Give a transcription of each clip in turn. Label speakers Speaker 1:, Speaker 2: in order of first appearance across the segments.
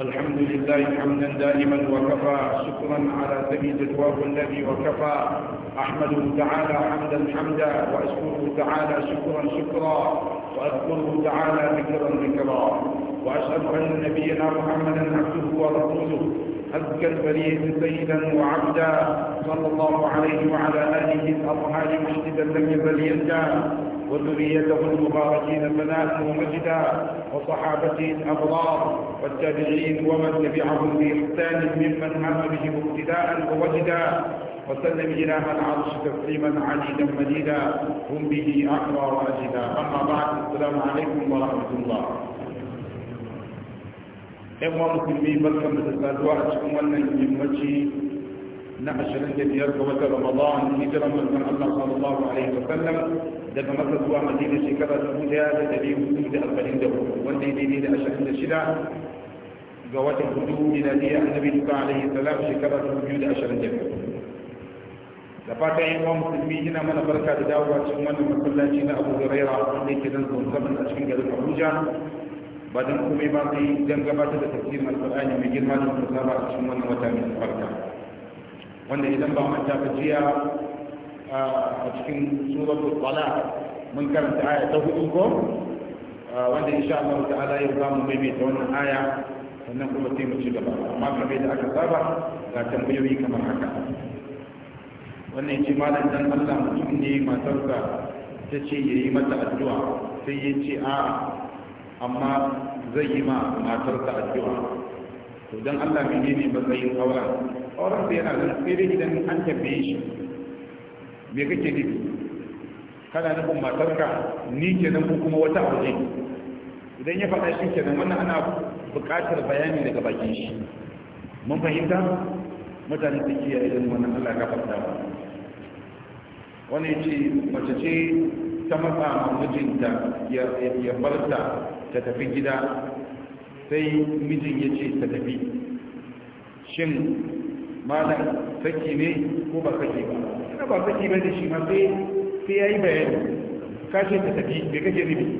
Speaker 1: الحمد لله حمدا دائما وكفى شكرا على سبيل الواب الذي وكفى أحمده تعالى حمدا حمدا وأشكره تعالى شكرا شكرا وأذكره تعالى ذكرا ذكرا وأشهد أن نبينا محمدا عبده ورسوله أزكى البرية سيدا وعبدا صلى الله عليه وعلى آله الأطهار مشددا لم يزل يندى وذريته المباركين ثناء ومجدا وصحابته الابرار والتابعين ومن تبعهم باحسان ممن هم بهم ابتداء ووجدا وسلم إله العرش تسليما عديدا مديدا هم به أقرى وأجدا أما بعد السلام عليكم ورحمة الله ‘Yan wa musulmi الأزواج da saduwa نحن شلن جديد قمت رمضان نجرا من من الله صلى الله عليه وسلم دب مرد هو مدين الشكرة سبوتها لدي وجود أربعين دور والدي دي دي أشهد الشدع جوات الحدود لدي النبي صلى عليه السلام شكرة وجود أشهد الجميع لفات عين وام سلمي هنا من بركة داوة شمان من كل شيء أبو هريرة عندي كذا نقول كمن أشكن جل الحروجة بعدين كم يبقى دم قبادة تكثير القرآن يجير ما جمع الله شمان وتامين بركة wanda idan ba manta ba jiya a cikin suratul qala mun karanta aya ta hudu ko wanda insha Allah ta'ala yau zamu maimaita wannan aya sannan kuma sai mu ci gaba amma kamar da aka saba ga tambayoyi kamar haka wannan yace malam dan Allah mutum ne matarsa ta ce yayi mata addu'a sai ya ce a amma zai yi ma matarsa addu'a to dan Allah menene yi aura. auren da yana da tsere idan an tabbe shi me kake nufi kana kuma matarka ni kenan ko kuma wata aure idan ya faɗa shi kenan wannan ana buƙatar bayani daga bakin shi mun fahimta mutane su kiyaye irin wannan Allah ka gafarta ba wani ce mace ce ta matsa mijinta ya barta ta tafi gida sai mijin ya ce ta tafi shin malam saki ne ko ba saki ba ina ba saki ba da shi ma sai ya yi bayani kashe ta tafi bai kake nufi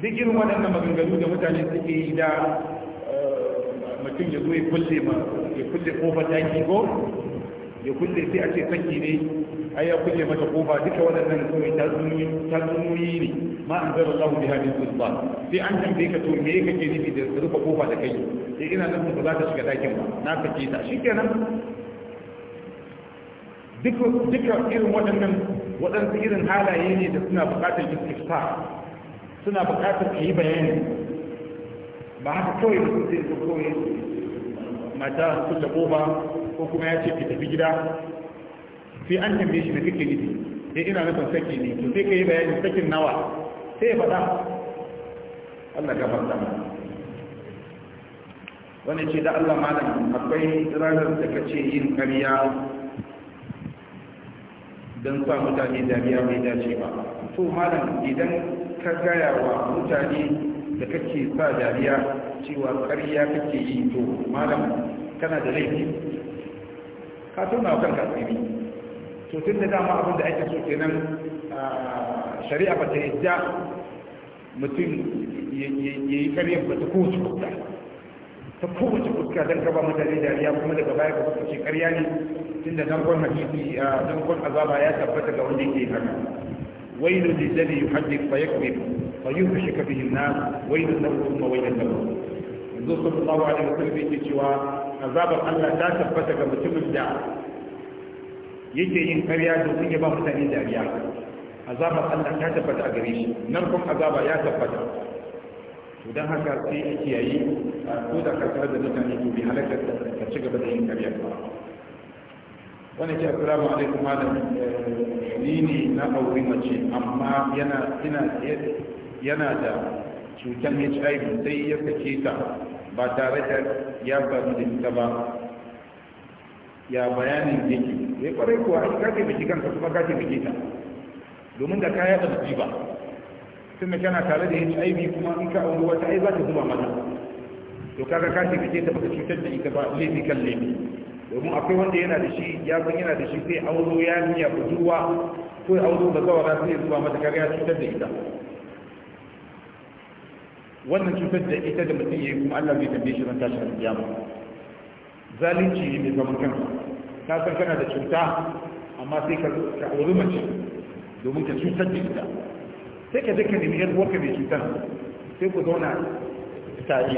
Speaker 1: duk irin waɗannan maganganu da mutane suke yi da eh, mutum ya zo ya kulle ma ya kulle ta ki ko ya kulle sai a ce saki ne ai ya mata kofa duka waɗannan kawai tatsuniyoyi ne ma an zara Allah biha min sultan sai an tambaye ka to me kake nufi da rufe kofa da kai sai eh, ina nan ba za ta shiga dakin ba na sake ta shikenan duka duka irin waɗannan waɗansu irin halaye ne da suna buƙatar istifsa suna buƙatar ka yi bayani ba haka kawai mutum zai zo kawai mata ta kofa ko kuma ya ce ki tafi gida sai an tambaye shi na kake nufi sai ina nufin saki ne to sai ka yi bayanin sakin nawa sai ya faɗa Allah ga fasa wani ce da Allah malam akwai ranar da ka ce yin ƙarya don sa mutane dariya mai dace ba to malam idan ka gaya wa mutane da kake sa dariya cewa ƙarya kake yi to malam kana da laifi ka tuna wa kanka tsiri to tun da dama abin da ake so kenan shari'a ba ta yadda mutum ya yi karyar ba ta kowace fuska ta kowace fuska don gaba mutane dariya kuma daga baya ga fuska ce karya ne tun da dangon hakiki dangon azaba ya tabbata ga wanda ke haka ويل للذي يحدث فيكذب فيوشك به الناس ويل له ثم ويل له yanzu sun fi tsawo a daga sulbi ke cewa azabar Allah ta tabbata ga mutumin da yake yin karya domin ya ba mutane dariya azaba Allah ta tabbata a gare shi nan kuma azaba ya tabbata to dan haka sai a kiyaye ko da ka da mutane ku bi halakar ka ci gaba da yin karya wani ke assalamu alaikum malam eh, ni ne na aure mace amma yana yana da cutar HIV sai ya kace ta ba tare da ya ba da ta ba ya bayanin yake ya eh, kwarai kuwa ka ka mai kanka kuma ka ce mai domin da kaya ba ji ba tunda kana tare da HIV kuma in ka auri wata ai za ta zuba mata to kaga ka mai ta baka cutar da ita ba laifi kan laifi domin akwai wanda yana da shi ya san yana da shi sai auro ya niya budurwa ko ya auro bazawara sai ya zuba mata kaga ya cutar da ita wannan cutar da ita da mutum ya yi kuma Allah zai tambaye shi ran tashin kiyama zalunci ne mai zaman kansa ka san kana da cuta amma sai ka auri mace domin ka cutar da ita sai ka zaka nemi yar uwarka mai cutar sai ku zauna tare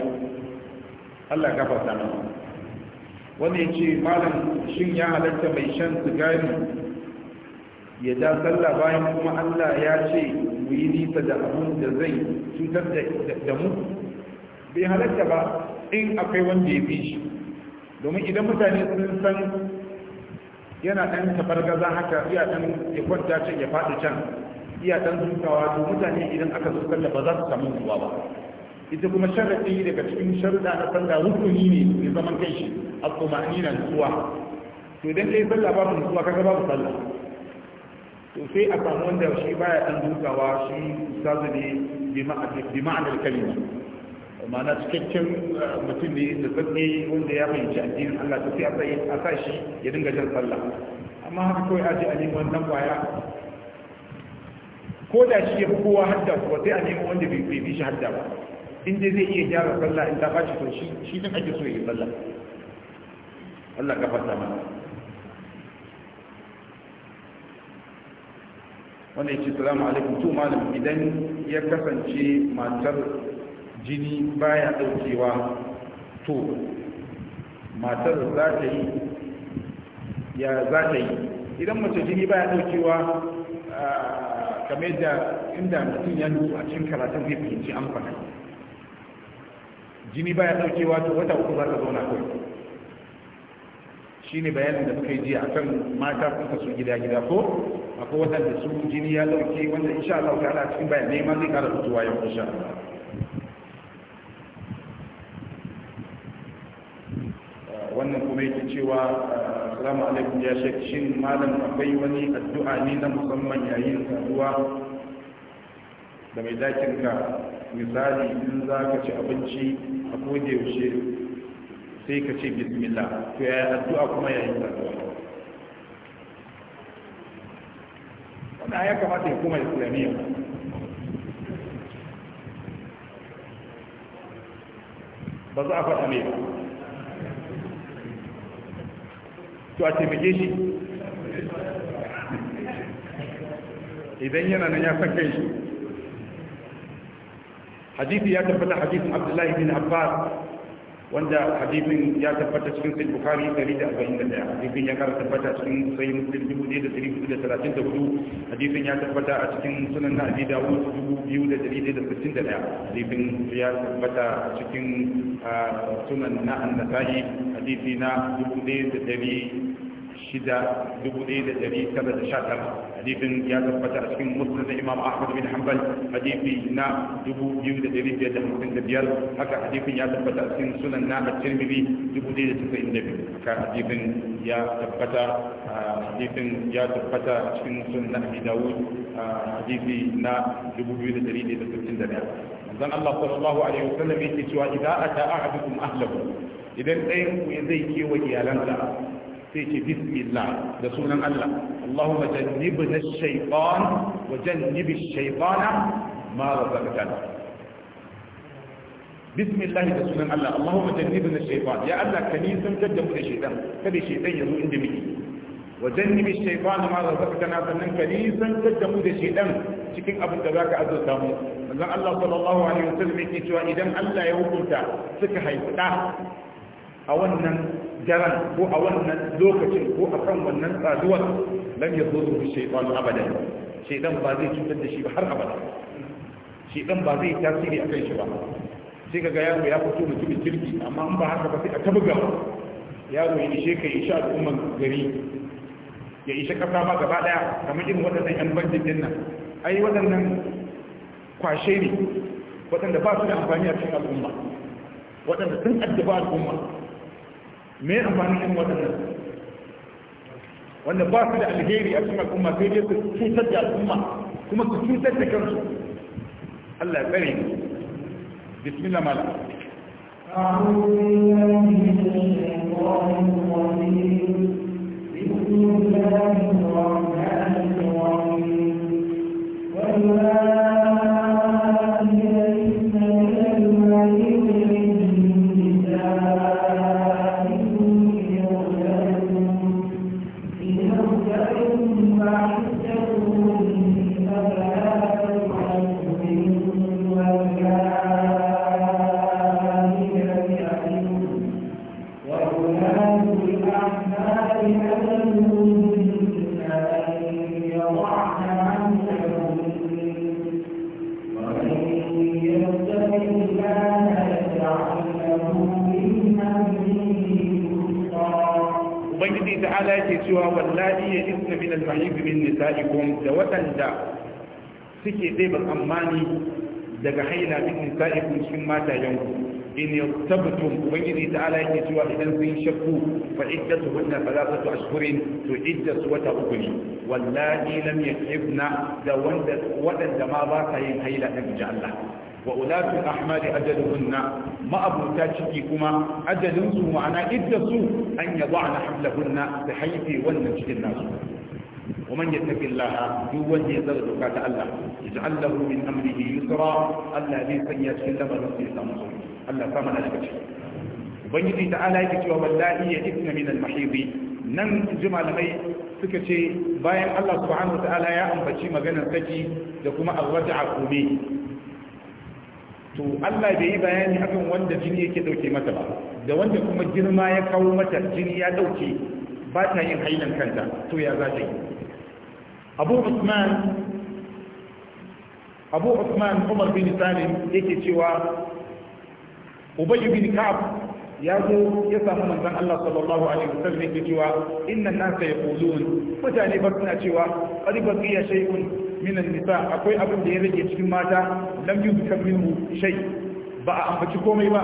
Speaker 1: Allah ya gafarta mana wanda ya ce malam shin ya halarta mai shan sigari ya da sallah bayan kuma allah ya ce mu yi nisa da abun da zai cutar da mu bai halarta ba in akwai wanda ya fi shi domin idan mutane sun san yana ɗan tabargaza haka iya ɗan ya kwanta can ya faɗi can iya ɗan zukawa to mutane idan aka zo sallah ba za su samu zuwa ba ita kuma sharaɗi daga cikin sharuɗa na sallah rukuni ne mai zaman kanshi a tsumani na nutsuwa to idan yi sallah babu nutsuwa kaga babu sallah to sai a samu wanda shi baya ɗan zukawa shi ustazu ne bi ma'anar kalima ma'ana cikakken eh, mutum ne da zaɓe wanda ya fahimci addinin Allah ta sai a sa shi ya dinga jan sallah amma haka kawai a ji a nemi wannan kwaya ko da shi ya fi kowa hadda ba sai a nemi wanda bai bi shi hadda ba in dai zai iya gyara sallah in ta fashi to shi shi din ake so ya yi sallah Allah ka fata mana wannan ya ce salamu alaikum to malam idan ya kasance matar jini baya daukewa to matar za ta yi ya za ta yi idan mace jini baya daukewa kamar da inda mutum ya nutsu a cikin karatun zai fahimci an faɗa jini baya daukewa to wata uku za ta zauna kawai shi ne bayanin da muka yi jiya akan mata kuka su gida-gida ko akwai wadanda su jini ya dauke wanda insha Allah ta'ala cikin bayanai ma zai kara fitowa yau insha Allah cewa ah, salamu alaikum ya shek shin malam akwai wani addu'a ne na musamman yayin saduwa da mai dakin ka misali in za ka ci abinci a koda yaushe sai ka ce bismillah to yaya addu'a kuma yayin saduwa wanda ya kamata ya koma islamiyya ba za a faɗa ne ba to a taimake shi
Speaker 2: idan yana nan ya san kai shi
Speaker 1: Hadithi ya tabbata hadithin abdullahi bin abbas wanda hadithin ya tabbata cikin sai bukari 141 hadisin ya kara tabbata cikin sai muslim hudu. Hadithin ya tabbata a cikin sunan na abi dawud 2161 hadisin ya tabbata cikin ah, sunan na annasa'i hadithi na 1100 shida dubu ɗaya da ɗari tara da sha tara ya tabbata a cikin muslim na imam ahmad bin hanbal hadifi na dubu biyu da ɗari biyar da hamsin da biyar haka hadifin ya tabbata a cikin sunan na at-tirmidhi dubu ɗaya da tasa'in da biyu ya tabbata hadifin ya tabbata a cikin sunan na abi dawud hadifi na dubu biyu da ɗari ɗaya da sittin da ɗaya manzon Allah sallallahu alaihi wasallam yake cewa idza ata ahadukum ahlahu idan ɗayan ku zai kewa iyalansa sai ce bismillah da sunan Allah Allahumma jannibna ash-shaytan wa jannib ash-shaytana ma razaqtana bismillah da sunan Allah Allahumma jannibna ash-shaytan ya Allah ka nisan da mu da shaytan kada shaytan ya zo inda muke wa jannib ash-shaytan ma razaqtana sannan ka nisan da mu da shaytan cikin abin da zaka azurta mu manzon Allah sallallahu alaihi wasallam yake cewa idan Allah ya hukunta suka haifi a wannan daren ko a wannan lokacin ko a kan wannan tsaduwar lam ya zo zuwa shaitan abadan shaitan ba zai cutar da shi ba har abada shaitan ba zai tasiri a kan shi ba sai ka ga yaro ya fito mutumin kirki amma in ba haka ba sai a tabga yaro ya ishe ka ishe al'umman gari ya ishe kasa ma gaba daya kamar irin waɗannan yan bandin din nan ai waɗannan kwashe ne waɗanda ba su da amfani a cikin al'umma waɗanda sun addaba al'umma me amfani cikin waɗannan wanda ba su da alheri a cikin al'umma sai dai su cutar da al'umma kuma su cutar da kansu Allah ya tsare bismillah mala
Speaker 3: أعوذ بالله
Speaker 1: suke ɗeba tsammani daga haila cikin sa'ikun cikin yanku. in ya tabbatun ubangiji ta ala yake cewa idan sun shakku fa iddatu hunna thalathatu ashhurin to su wata uku ne wallahi lam yakibna da wanda wadanda ma ba sa yin haila din ji Allah wa ulatu ahmali ajaluhunna ma abuta ciki kuma ajalun su ma'ana su an yad'ana hamlahunna ta haifi wannan cikin nasu ومن يتق الله يوجه يزال زكاة الله يجعل له من أمره يسرا الله ذي سيئة إلا من نصير الله فمن أشكش وبنجي تعالى يكتب والله يئسن من المحيض نم جمع لمي suka ce bayan Allah ya ambaci maganar saki da kuma arraja'a kome to Allah bai yi bayani akan wanda jini yake dauke mata ba da wanda kuma girma ya kawo mata jini ya dauke ba ta yin hailan kanta to ya za ta yi abu usman abu usman umar bin salim yake cewa ubayy bin ka'ab ya zo ya samu manzon Allah sallallahu alaihi wasallam yake cewa inna an-nasa yaqulun mutane ba suna cewa qad baqiya shay'un min an-nisa akwai abin da ya rage cikin mata lam yuzkar minhu shay ba a ambaci komai ba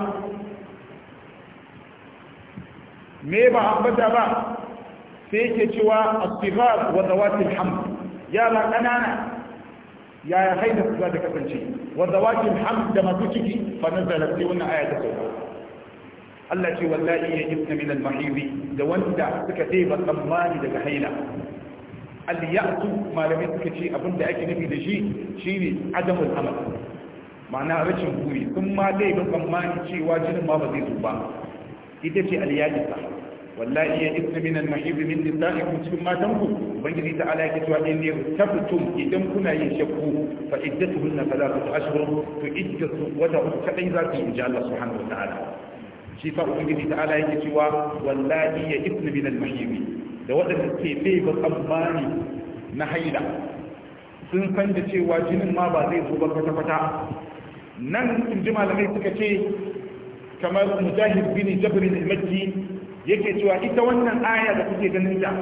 Speaker 1: me ba ambata ba sai yake cewa as-sighar wa zawatil hamd yara ƙanana yaya haida su za ta kasance wanda wakin ham da masu ciki fa nazala sai wannan aya ta sauka Allah ce wallahi ya ibna min al-mahidi da wanda suka teba tsammani daga haila al-ya'tu malamai suka ce abin da ake nufi da shi shi shine adamul amal ma'ana rashin buri sun ma dai ban tsammani cewa jinin ma ba zai zo ba ita ce al-ya'tu wallahi ya ibnu min al-mahib min nisa'ikum cikin matan ku ubangiji ta ala yake cewa in ne tabtum idan kuna yin shakku fa iddatuhunna thalathatu ashhur to iddatu wata uku kadai za ku yi inji Allah subhanahu wa ta'ala shi sa ubangiji ta ala yake cewa wallahi ya ibnu min al-mahib da wadanda ke bai ba tsammani na haila sun san da cewa jinin ma ba zai zo ba kwata-kwata nan in ji malamai suka ce kamar mujahid bin jabrin al-makki yake cewa ita wannan aya da kuke ganin ta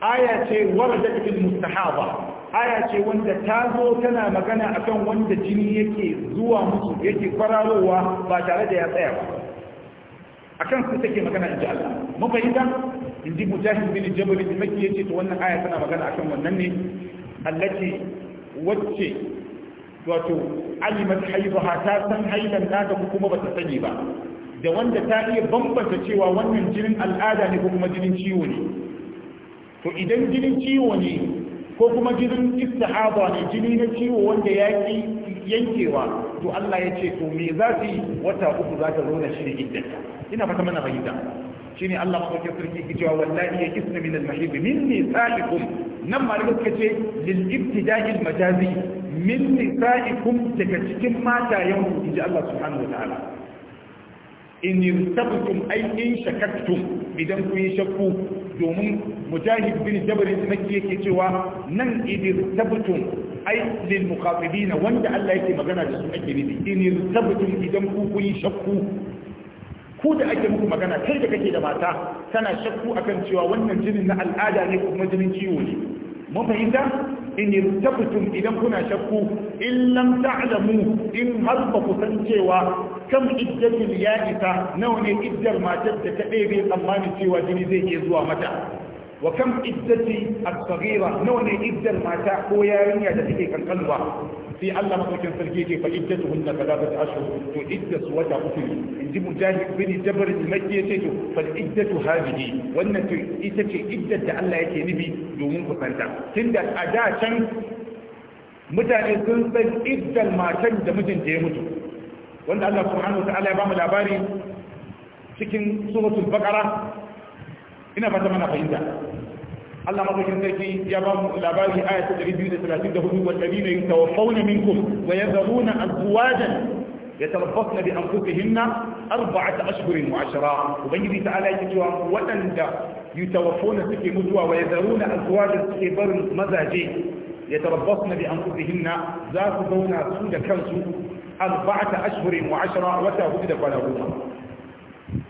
Speaker 1: aya ce warda fil mustahaba aya ce wanda ta zo tana magana akan wanda jini yake zuwa musu yake kwararowa ba tare da ya tsaya ba akan su take magana inji Allah mun fahimta inji mujahid bin jabal bin makki yace to wannan aya tana magana akan wannan ne allati wacce wato alimat haidaha ta san haidan nata kuma bata sani ba da wanda ta iya bambanta cewa wannan jinin al'ada ne ko kuma jinin ciwo ne to idan jinin ciwo ne ko kuma jinin istihaba ne jini na ciwo wanda ya ki yankewa to Allah ya ce to me za wata uku za ta zauna shi idan? ina fata mana fahimta shine Allah madaukakin sarki ke cewa wallahi ya kisna min al-mahib min nisaikum nan malamai suka ce lil ibtida'i al-majazi min nisaikum daga cikin mata ku inji Allah subhanahu wa ta'ala in irtabtum ay in shakaktum idan ku yi shakku domin mujahid bin jabr maki yake cewa nan idirtabtum ay lil muqatibina wanda Allah yake magana da su ake nufi in irtabtum idan ku kun yi shakku ku da ake muku magana kai da kake da mata tana shakku akan cewa wannan jinin na al'ada ne kuma jinin ciwo ne mun fahimta in irtabtum idan kuna shakku in lam ta'lamu in har ba ku san cewa kam iddatul ya isa nawa ne iddar matar da ta ɗebe tsammanin cewa jini zai iya zuwa mata wa kam iddati al saghira nawa ne iddar mata ko yarinya da take kankanwa sai Allah madaukin sarki yake fa iddatuhunna kadabatu ashhur to iddat wata uku inji mujahid bin jabr al-makki yace to fa iddatu hadhihi wannan to ita ce iddat da Allah yake nubi domin ku santa tunda a da can mutane sun san iddar matan da da ya mutu wanda Allah subhanahu wataala ya bamu labari cikin suratul baqara ina fata mana fahimta Allah madaukin sarki ya bamu labari aya ta 234 walladina yatawaffawna minkum wa yadhuruna azwajan يتربصن بأنفسهن أربعة أشهر وعشرة وبيدي تعالى يتوى وأن يتوفون سكي مدوى ويذرون أزواجا سكي برن مزاجي Za su zauna su da kansu. arba'ata ashhurin wa ashara wata hudu da kwana goma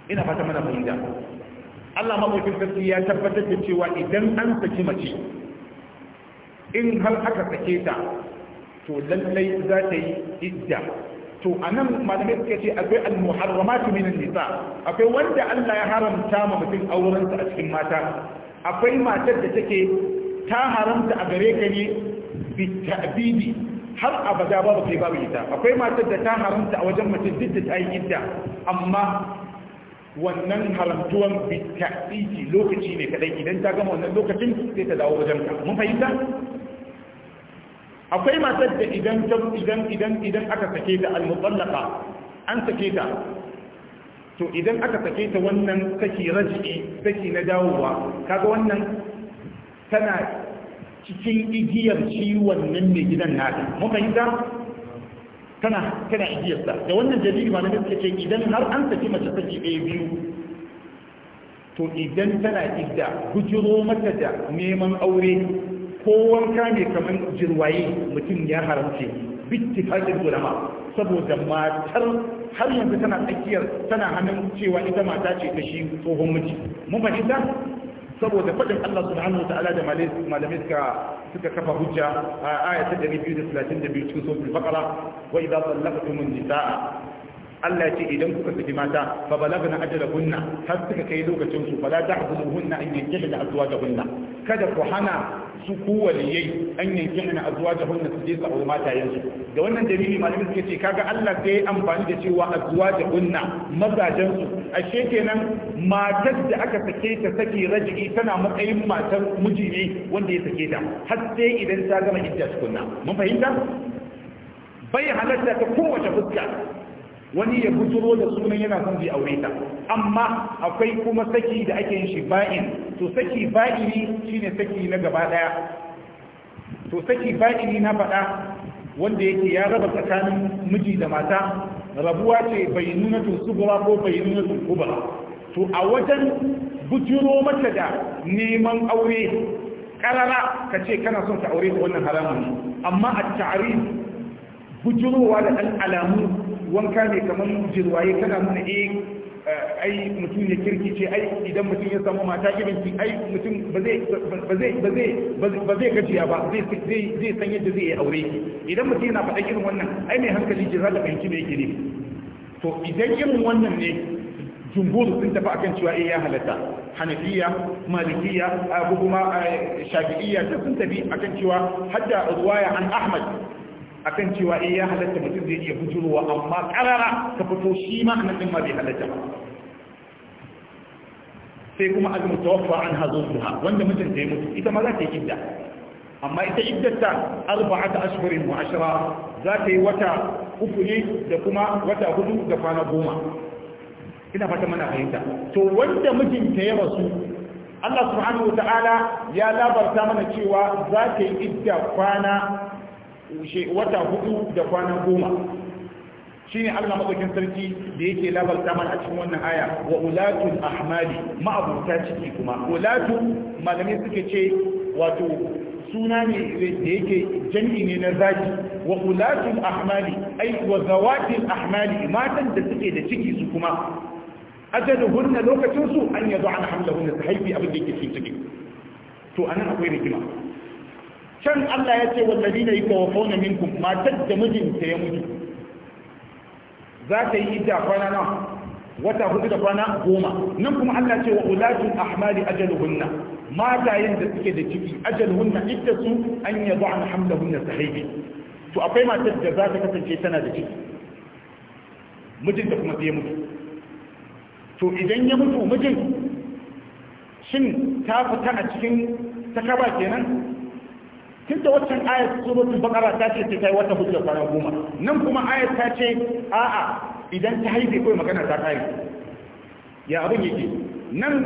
Speaker 1: ina fata mana fahimta Allah mafi sarki ya tabbatar da cewa idan an saki mace in har aka sake ta to lallai za ta yi idda to a nan malamai suka ce akwai al-muharramatu minan nisa akwai wanda Allah ya haramta ma mutum aurensa a cikin mata akwai matar da take ta haramta a gare ka ne bi ta'bidi har abada babu kai babu ita akwai matar da ta haramta a wajen mace duk da ta yi idda amma wannan haramtuwan bita'iti lokaci ne kadai idan ta gama wannan lokacin sai ta dawo wajen ka mun fahimta akwai matar da idan idan idan idan aka sake ta al-mutallaqa an sake ta to idan aka sake ta wannan saki raji'i saki na dawowa kaga wannan tana cikin igiyar ciwon nan mai gidan nata muka yi tana tana igiyarsa da wannan dalili ma na suka ce idan har an saki mace saki ɗaya biyu to idan tana idda gujiro mata da neman aure ko wanka ne kamar jirwaye mutum ya haramce bittifaqin ulama saboda matar har yanzu tana tsakiyar tana hannun cewa ita mata ce ta shi tsohon miji mun fahimta saboda faɗin Allah subhanahu wata'ala da malamai suka kafa hujja a ayata 232 cikin suratul baqara wa idza sallaqtum nisaa Allah ya ce idan kuka saki mata fa balagna ajalahunna har suka kai lokacin su la tahzumuhunna an yankihna azwajahunna kada ku hana su ku waliyai an yankihna azwajahunna su je su aure mata yanzu da wannan dalili malamin suke ce kaga Allah sai ya amfani da cewa azwajahunna mazajen su ashe kenan matar da aka sake ta saki rajiki tana matsayin matar miji ne wanda ya sake ta har sai idan ta gama idda tukunna mun fahimta bai halatta ta kowace fuska wani ya buturo da sunan yana son zai aure ta amma akwai kuma saki da ake yin shi ba'in to saki ba'ini shine saki na gaba daya to saki ba'ini na faɗa wanda yake ya raba tsakanin miji da mata rabuwa ce bai nuna tun subura ko bai nuna tun kubura to a wajen bujiro mata da neman aure karara ka ce kana son ka aure ta wannan haramun amma a ta'arif bujirowa da ɗan alamu wanka ne kamar jirwaye kana nuna eh ai mutum ya kirki ce ai idan mutum ya samu mata irin ki ai mutum ba zai ba zai ba zai ba zai gajiya ba zai zai zai san yadda zai yi aure idan mutum yana faɗa irin wannan ai mai hankali ce za ta fahimci me yake ne to idan irin wannan ne jumhur sun tafi akan cewa eh ya halatta hanafiya malikiya abubuwa, kuma eh, shafi'iyya duk sun tafi akan cewa hadda ruwaya an ahmad akan cewa eh ya halatta mutum zai iya bujurowa amma karara ta fito shi ma nan din ma bai halatta ba sai kuma al-mutawaffa an hazo hazuzha wanda mutum ta yi mutu ita ma za ta yi idda amma ita iddata arba'ata ashhurin wa ashra za ta yi wata uku ne da kuma wata hudu da kwana goma ina fata mana fahimta to wanda mutum ta yi rasu Allah subhanahu wa ta'ala ya labarta mana cewa za ta yi idda kwana wata hudu da kwana goma shi ne allah maɗaukin sarki da yake labarta mana a cikin wannan aya wa ulatun ahmali ma'abuta ciki kuma ulatu malamai suka ce wato suna ne da yake jami'i ne na zaki wa ulatun ahmali ai wa zawatin ahmali matan da suke da ciki su kuma ajaluhunna lokacin su an yazo an hamlahunna su haifi abin da yake cikin ciki to anan akwai rigima can Allah ya ce wallazi na yi tawafauna minkum matar da mijinta ya mutu za ta yi ita kwana nan wata hudu da kwana goma nan kuma Allah ce wa ulatul ahmali ajaluhunna matayen da suke da ciki ajaluhunna ita su an yadu an hamlahunna sahibi to akwai matar da za ta kasance tana da ciki mijinta kuma sai ya mutu to idan ya mutu mijin shin ta fita a cikin ta takaba kenan tun da waccan ayat suratul baqara ta ce sai kai wata hujja kwana goma nan kuma ayat ta ce a'a idan ta haife kai magana ta kai ya abin yake nan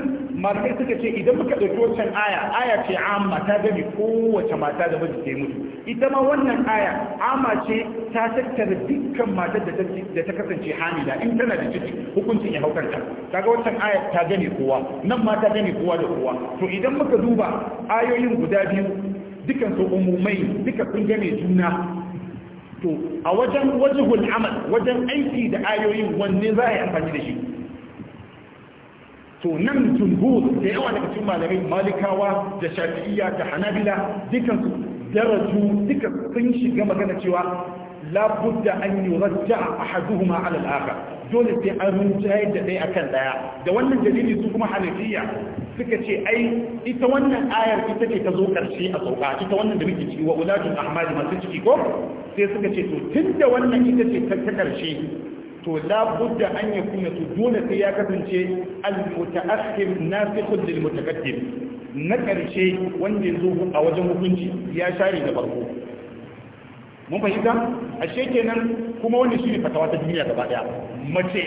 Speaker 1: malamai suka ce idan muka ɗauki waccan aya aya ce amma ta gani kowace mata da miji ta mutu ita ma wannan aya amma ce ta tattara dukkan matar da ta kasance hamila in tana da ciki hukuncin ya haukanta kaga waccan aya ta gani kowa nan ma ta gani kowa da kowa to idan muka duba ayoyin guda biyu dukan su umumai duka sun gane juna to a wajen wajihul amal wajen aiki da ayoyin wanne za a yi amfani da shi to nan jumhur da yawa daga cikin malamai malikawa da shafi'iyya da hanabila dukan daraju duka sun shiga magana cewa labudda an yi rajja a ma alal aka dole sai an rinjaye da ɗaya a kan ɗaya da wannan dalili su kuma hanafiya suka ce ai ita wannan ayar ita ce ta zo ƙarshe a sauka ita wannan da muke ciki wa ulajin ahmadi masu ciki ko sai suka ce to tun da wannan ita ce ta ƙarshe to labudda an ya kuna to dole sai ya kasance al-mutaakhir nasikhun lil mutaqaddim na ƙarshe wanda ya zo a wajen hukunci ya share da farko mun fahimta ashe kenan kuma wani shi ne fatawa ta duniya gaba daya mace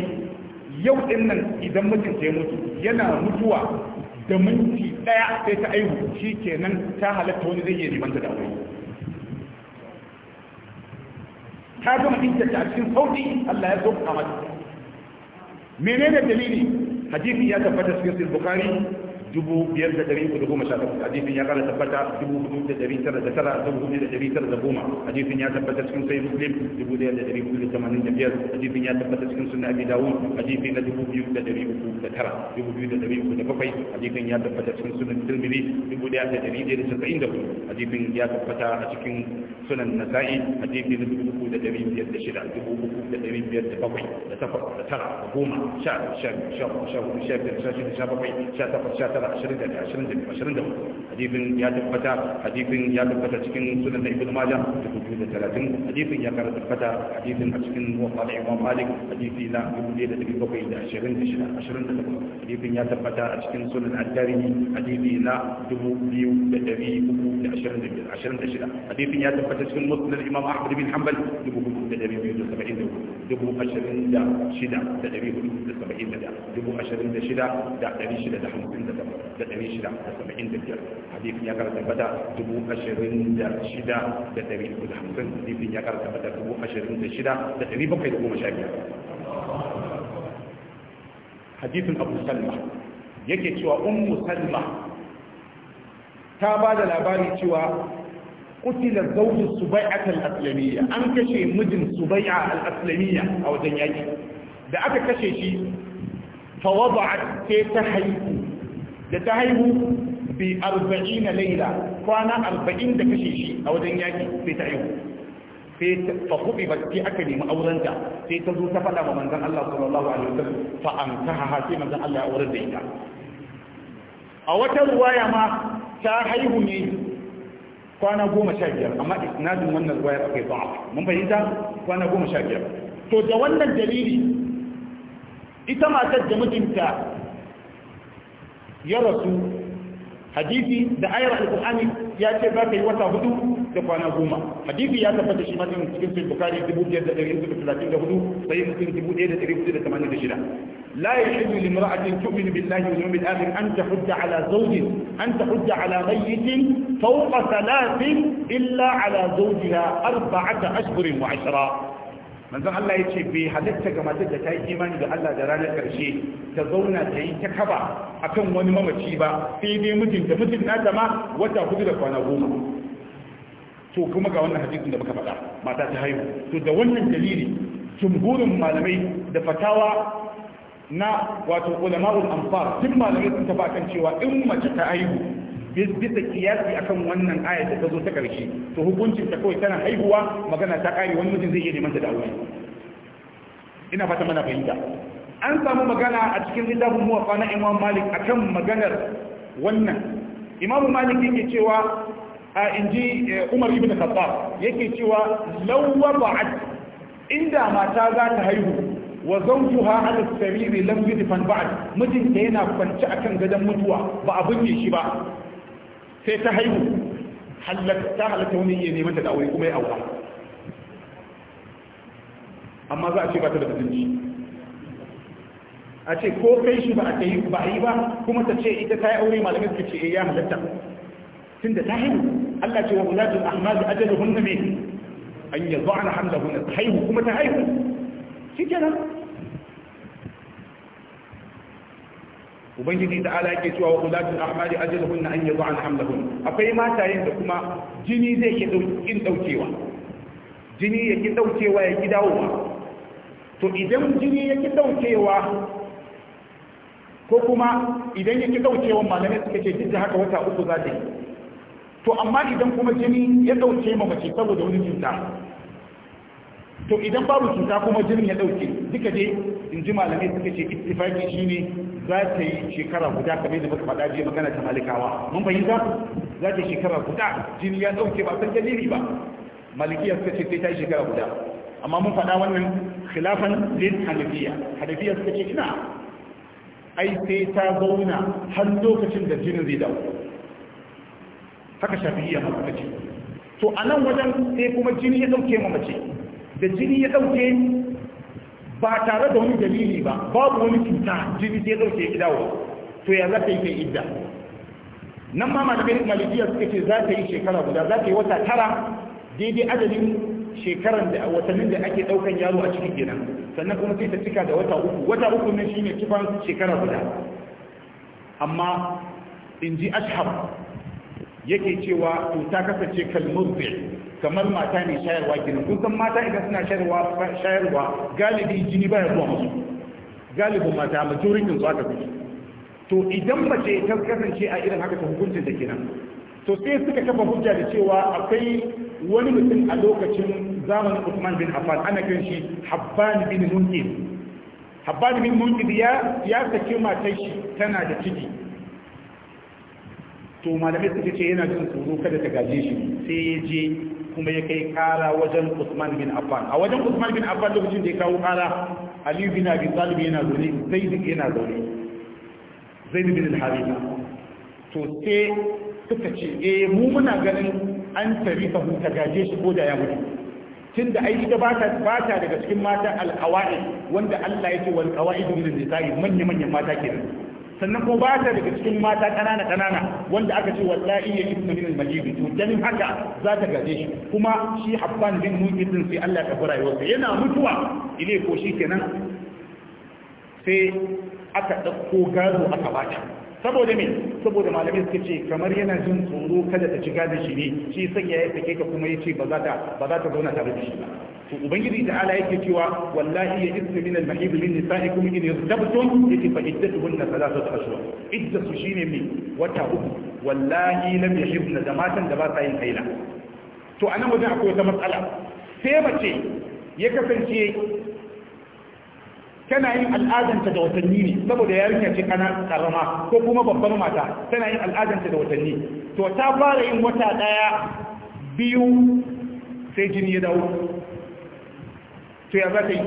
Speaker 1: yau din nan idan mutum ya mutu yana mutuwa da minti daya sai ta aihu shi kenan ta halatta wani zai iya neman ta da aure ta gama inganta a cikin sauti. Allah ya zo mata menene dalili hadisi ya tabbata cikin sahih bukhari dubu biyar da dari uku da goma sha takwas hadisin ya kara tabbata dubu hudu da dari tara da tara dubu hudu da dari tara da goma hadisin ya tabbata cikin sai muslim dubu ɗaya da dari hudu da tamanin da biyar hadisin ya tabbata cikin sunna abi dawud hadisi na dubu biyu da dari uku da tara dubu biyu da dari uku da bakwai hadisin ya tabbata cikin sunan tirmidhi dubu ɗaya da dari ɗaya da casa'in da hudu hadisin ya tabbata a cikin sunan nasa'i hadisi na dubu uku da dari biyar da shida dubu uku da dari biyar da bakwai da takwas da tara da goma sha sha sha sha sha biyar sha shida sha sha sha da da hadisin ya tabbata hadisin ya tabbata cikin sunan da ibnu majah da hadisin ya kara tabbata hadisin a cikin imam malik hadisi na 1726 hadisin ya tabbata a cikin sunan hadisi na hadisin ya tabbata cikin musnad imam ahmad bin hanbal dubu ashirin da shida da ɗari hudu da saba'in da dubu ashirin da shida da shida da hamsin da da ɗari shida da saba'in da biyar hadisin ya kara tabbata dubu ashirin da shida da ɗari uku da hamsin hadisin ya kara tabbata dubu ashirin da shida da ɗari bakwai da goma sha biyar hadisin abu salma yake cewa ummu salma ta ba da labari cewa kashe mijin Subai'a Al-Aslamiyya a wajen yaki. Da aka kashe shi أكا كشي sai ta تيتحيكو da ta haihu bi arba'ina laila kwana arba'in da kashe shi a wajen yaki sai ta haihu sai ta kubi ba sai aka nemi aurenta sai ta zo ta fada wa manzon Allah sallallahu alaihi fa'an ta haha sai manzan Allah ya aure ita a wata ruwaya ma ta haihu ne kwana goma sha biyar amma isnadin wannan ruwayar akwai ba'a mun fahimta kwana goma sha biyar to da wannan dalili ita matar da mijinta ya rasu hadisi da ayar alƙur'ani ya ce za ka yi wata hudu da kwana goma hadisi ya tabbata shi masu cikin sai bukari dubu biyar da hudu sai cikin dubu ɗaya la ya shidu li tu'minu billahi wal yawmil akhir an tahudda ala zawjin an tahudda ala mayyitin fawqa thalath illa ala zawjiha arba'ata ashhurin wa 10 manzon Allah ya ce bai halitta ga matar da ta yi imani da Allah da ranar ƙarshe ta zauna ta yi ta kaba akan wani mamaci ba sai dai mijinta mijin nata ma wata hudu da kwana goma to kuma ga wannan hadisin da muka faɗa mata ta haihu to da wannan dalili jumhurin malamai da fatawa na wato ulama'ul amfar tun malamai sun tafi kan cewa in mace ta haihu bisa kiyasi akan wannan aya da ta zo ta karshe to hukuncin ta kawai tana haihuwa magana ta kare wani mutum zai iya neman ta da aure ina fata mana fahimta an samu magana a cikin littafin muwafa na imam malik akan maganar wannan imam malik yake cewa a inji eh, umar ibn khattab yake cewa lawwa ba'at inda mata za ta haihu wa zawjuha ala sariri lam yudfan ba'd mijinta yana kwance akan gadon mutuwa ba a binne shi ba sai ta haihu ta halatta wani ya neman ta da aure kuma ya aura amma za a ce ba ta da mutunci a ce ko kai shi ba a yi ba kuma ta ce ita ta yi aure malamai suka ce eh, ya halatta tun da ta haihu Allah ce wa ulatul ahmad ajaluhunna me an yadhana ta haihu kuma ta haihu shikenan ubangiji da ala yake cewa wa ulatul ahmadi ajaluhunna an an hamlahun akwai matayen da kuma jini zai ke daukin daukewa jini yake daukewa ya ki dawowa to idan jini yake daukewa ko kuma idan yake daukewa malamai suka ce duk da haka wata uku za ta yi to amma idan kuma jini ya dauke ma mace saboda wani cuta to idan babu cuta kuma jinin ya dauke duka dai in ji malamai suka ce ittifaki shine za ta yi shekara guda kamar da muka faɗa jiya magana ta malikawa mun fahimta za ta yi shekara guda jini ya ɗauke ba san dalili ba malikiya suka ce sai ta yi shekara guda amma mun faɗa wannan khilafan lil hanafiya hanafiya suka ce ina ai sai ta zauna har lokacin da jinin zai dawo haka shafiya ma suka ce to a nan wajen sai kuma jini ya ɗauke ma mace da jini ya ɗauke ba tare da wani dalili ba babu wani cuta jini sai dauke ki dawo to ya za kai idda nan ma malamai malikiya suka ce za ta yi shekara guda za ta yi wata tara daidai adadin shekaran da watannin da ake daukan yaro a cikin gidan sannan kuma sai ta cika da wata uku wata uku ne shine kifan shekara guda amma in ji ashab yake cewa to ta kasance kalmurfi kamar mata ne shayarwa kenan kun san mata idan suna shayarwa shayarwa galibi jini baya zuwa musu galibin mata turin yin aka fi to idan mace ta kasance a irin haka ta hukuncin da kenan to sai suka kafa hujja da cewa akwai wani mutum a lokacin zamanin Usman bin Affan ana kiran shi Habban bin Munqidh Habban bin Munqidh ya ya sake matar shi tana da ciki to malamai suka ce yana jin tsoro kada ta gaje shi sai ya je kuma ya kai kara wajen Usman bin Affan a wajen Usman bin Affan lokacin da ya kawo kara Ali bin Abi Talib yana zaune Zaid yana zaune Zaid bin al-Harith to sai suka ce eh mu muna ganin an tarifa hu ta gaje shi ko da ya mutu tunda ai ita ba ta ba ta daga cikin mata al awaid wanda Allah yake wal qawaid min nisa'i manya manyan mata kenan sannan ko ba ta daga cikin mata kanana kanana wanda aka ce wallahi ya ibnu min al-majid to dan haka za ta gaje shi kuma shi habban bin mu'min din sai Allah ya fara yawa yana mutuwa ile ko shi kenan sai aka dauko gado aka bata saboda me saboda malamai suka ce kamar yana jin tsoro kada ta shiga da shi ne shi sanya ya sake ka kuma ya ce ba za ta zauna tare da shi ba to ubangiji da ala yake cewa wallahi ya ismi min al-mahib min nisa'ikum in yartabtum yake fa iddatuhunna thalathatu ashhur iddatu shine me wata uku wallahi lam yahibna da matan da ba sa yin kaila to anan wajen akwai wata matsala sai mace ya kasance tana yin al'adanta da watanni ne saboda yarinya ce kana karama ko kuma babbar mata tana yin al'adanta da watanni to ta fara yin wata daya biyu sai jini ya dawo to ya za ta yi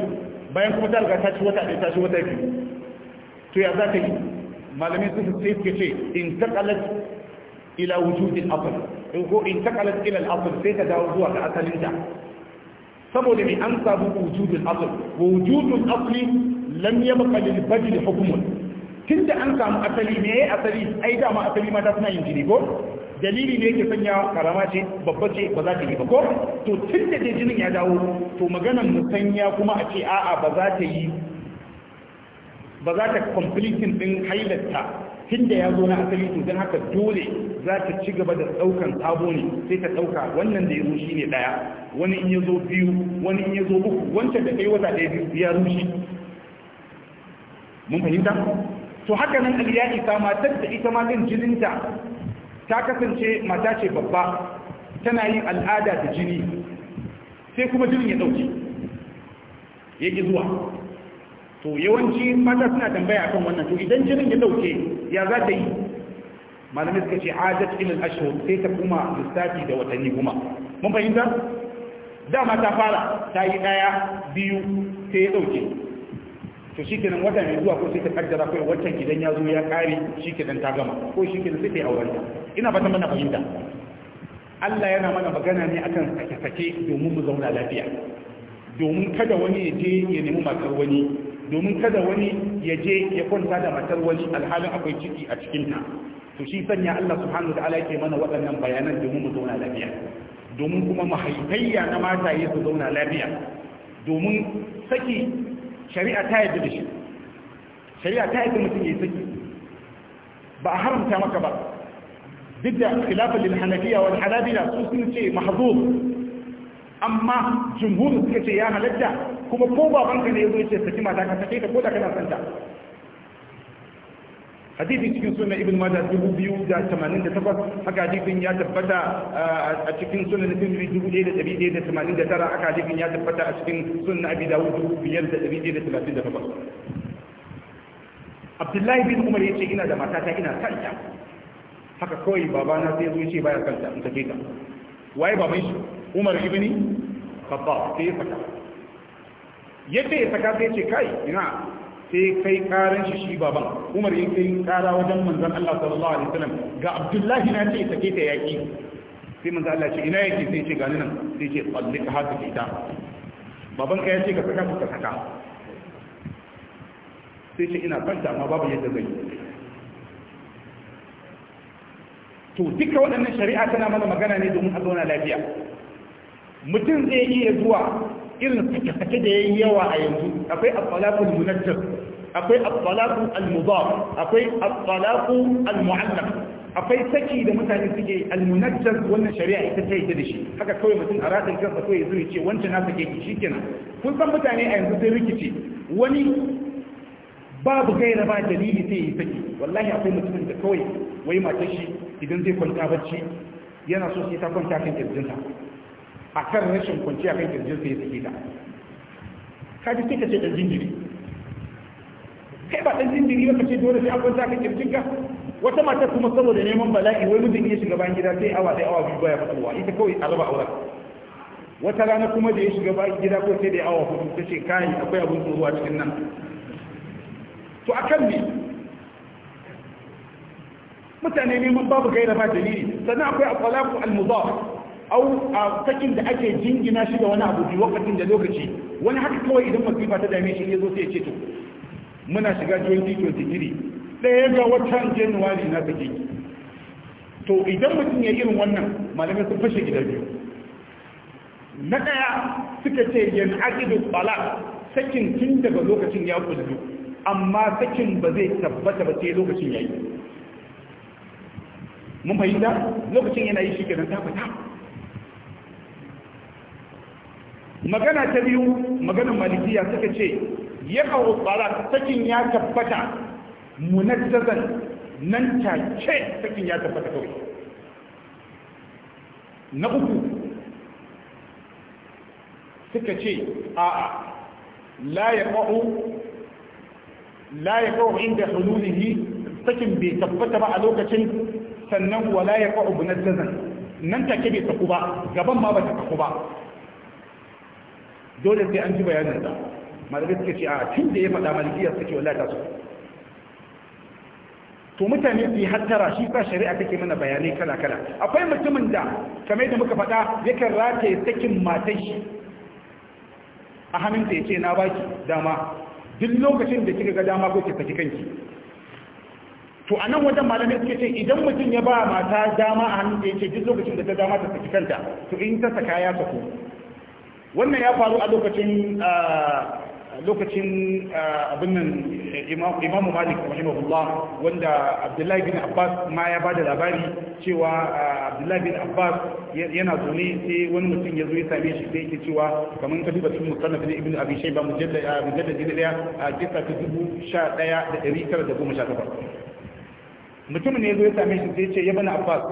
Speaker 1: bayan kuma ta riga ta ci wata ɗaya ta ci wata biyu to ya za ta yi malamin su sai suke ce in takalat ila wujudin afal ko in takalat ila al-afal sai ta dawo zuwa ga asalinta saboda mai an samu asali wa wujudul asali lam da lil badl hukmun tunda an samu asali ne asali ai da ma asali mata suna yin jini ko dalili ne yake sanya karama ce babba ce ba za ta yi ba ko to tunda dai jinin ya dawo to maganar mu sanya kuma a ce a'a ba za ta yi ba za ta completing din hailarta tun da ya zo na asali to don haka dole za ta ci gaba da ɗaukan sabo ne sai ta ɗauka wannan da ya zo ne ɗaya wani in ya zo biyu wani in ya zo uku wancan da kai wata ɗaya biyu ya rushe mun fahimta to haka nan aliyaki isa matar da ita ma ɗin jininta ta kasance mata ce babba tana yin al'ada da jini sai kuma jinin ya ɗauke ya ƙi zuwa to yawanci mata suna tambaya akan wannan to idan jinin ya dauke ya za ta yi malamai suka ce hajjat ilin ashur sai ta kuma lissafi da watanni kuma mun fahimta dama ta fara ta yi daya biyu sai ya dauke to shi kenan wata mai zuwa ko sai ta kaddara kai wancan idan ya zo ya kare shi kenan ta gama ko shi kenan sai ta yi aurenta. ina fatan mana fahimta Allah yana mana magana ne akan sake-sake domin mu zauna lafiya domin kada wani ya je ya nemi makar wani domin kada wani ya je ya kwanta da matar wani alhalin akwai ciki a cikinta to shi sanya Allah subhanahu wa ta'ala yake mana waɗannan bayanan domin mu zauna lafiya domin kuma mahaifayya na mataye su zauna lafiya domin saki shari'a ta yadda da shi shari'a ta yadda mutum ya saki ba a haramta maka ba duk da khilafin lil hanafiya wal halabila su sun ce mahzur amma jumhur suka ce ya halatta kuma ko babanka ne yazo yace saki mata ka sake ta ko da kana son ta hadisi cikin sunan ibn majah dubu biyu da tamanin da takwas haka hadisin ya tabbata uh, a cikin sunan ibn dubu ɗaya da ɗari ɗaya da tamanin da tara haka hadisin ya tabbata a cikin sunan abi dawud dubu biyar da ɗari ɗaya da talatin da takwas abdullahi bin umar ya ce ina da matata ina santa. haka kawai babana sai zo ce baya kanta in take ta waye baban shi umar ibni khattab sai ya fata yadda ya saka sai ce kai ina sai kai karin shi shi baban umar ya kai kara wajen manzan Allah sallallahu alaihi wasallam ga abdullahi na ce sake ta yaki sai manzan Allah ce ina yake sai ce gani nan sai ce tsallika haka ke ta baban ka ya ce ka saka ka saka sai ce ina kanta amma babu yadda zai to duka waɗannan shari'a tana mana magana ne domin a zauna lafiya mutum zai iya zuwa irin sake da ya yi yawa a yanzu akwai abbalakun munajjar akwai abbalakun almudar akwai abbalakun almu'allaf akwai saki da mutane suke almunajjar wannan shari'a ita ta yi da shi haka kawai mutum a ratar kansa kawai zuri ce wancan na sake ki kun san mutane a yanzu sai rikice wani babu gaira ba dalili sai yi saki wallahi akwai mutumin da kawai wai matar shi idan zai kwanta bacci yana so sai ta kwanta kan kirjinta a kan rashin kwanciya kan kirjin sai suke da ta ka ji sai ka ce ɗan jinjiri kai ba ɗan jinjiri ba ka ce dole sai an kwanta kan kirjin ka wata mata kuma saboda neman bala'i wai mutum ya shiga bayan gida sai awa sai awa biyu baya fitowa ita kawai a raba auren wata rana kuma da ya shiga bayan gida ko sai da awa hudu ta ce kayan akwai abin tsoro a cikin nan to a kan ne mutane neman babu gaira ba dalili sannan akwai akwalaku almuzar au a sakin da ake jingina shi da wani abu bi wakatin da lokaci wani haka kawai idan masifa ta dame shi ya zo sai ya ce to muna shiga 2023 ɗaya ga watan januwari na take to idan mutum ya irin wannan malamai sun fashe gida biyu na ɗaya suka ce yan aƙidu bala sakin tun daga lokacin ya kullu amma sakin ba zai tabbata ba sai lokacin ya yi mun fahimta lokacin yana yi shi kenan ta fata magana ta biyu maganar malikiya suka ce ya kawo tsara sakin ya tabbata munajjazan nan take sakin ya tabbata kawai na uku suka ce a'a laye ya kawo la inda hululihi sakin bai tabbata ba a lokacin sannan wa laye kawo munazzazan nan take bai taku ba gaban ma ba ta taku ba dole sai an ji bayanin sa malamai suka ce a tun da ya faɗa malikiyar suke wallahi ta su to mutane su yi hattara shi sa shari'a take mana bayanai kala-kala akwai mutumin da kamar da muka faɗa yakan rataye sakin matan shi a hannunta ya ce na baki dama duk lokacin da kika ga dama ko ki saki kanki to a nan wajen malamai suke ce idan mutum ya ba mata dama a hannunta ya ce duk lokacin da ta dama ta saki kanta to in ta saka ya sako wannan ya faru a lokacin lokacin abin nan imamu malik rahimahullah wanda abdullahi bin abbas ma ya ba da labari cewa abdullahi bin abbas yana zaune sai wani mutum ya zo ya same shi sai yake cewa kamar ka duba cikin musannaf na ibnu abi shayba mujallad na daya a kisa ta dubu sha daya da dari tara da goma sha takwas mutum ne ya zo ya same shi sai ya ce ya bani abbas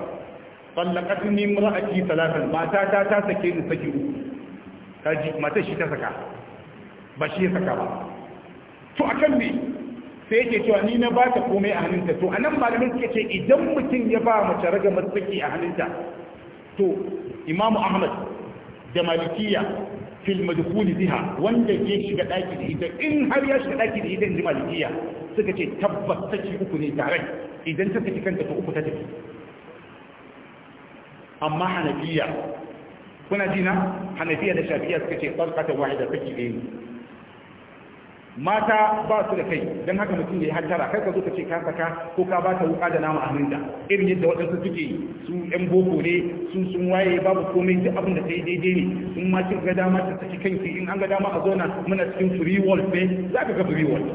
Speaker 1: tsallakatni mura'ati talatan mata ta ta sake ni saki uku kaji matar shi ta saka ba shi ya saka ba to kan me sai yake cewa ni na baka komai a hannunta to anan malamin suka ce idan mutum ya ba mace raga matsaki a hannunta to imam ahmad da malikiya fil madkhuli biha wanda ke shiga daki da ita in har ya shiga daki da ita inji malikiya suka ce tabbas uku ne tare idan ta saki kanta ta uku ta tafi amma hanafiya kuna jina hanafiya da shafiya suka ce tsarkata wahida kake ne mata ba su da kai don haka mutum ya yi hantara kai ka zo ka ce ka saka ko ka ba ta wuka da nama a hannunta irin yadda waɗansu suke su yan boko ne su sun waye babu komai duk abin da ta yi daidai ne in ma kin ga dama ta saki kanki in an ga dama a zauna muna cikin free world ne za ka ga free world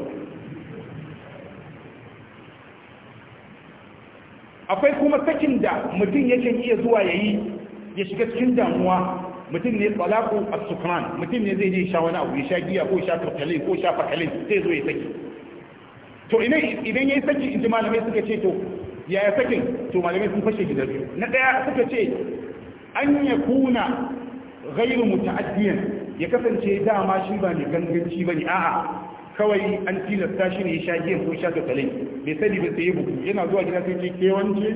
Speaker 1: akwai kuma sakin da mutum yake iya zuwa ya yi ya shiga cikin damuwa mutum ne talaku a sukran mutum ne zai je sha wani abu ya sha giya ko sha karkalin ko sha fakalin sai zo ya saki to idan ya yi saki in ji malamai suka ce to yaya sakin to malamai sun fashe gidan biyu na ɗaya suka ce an ya kuna gairu ta'addiyan ya kasance dama shi ba ne ganganci ba ne a'a kawai an tilasta shi ne ya sha giyan ko sha karkalin bai sani ba sai ya bugu yana zuwa gida sai ce kewance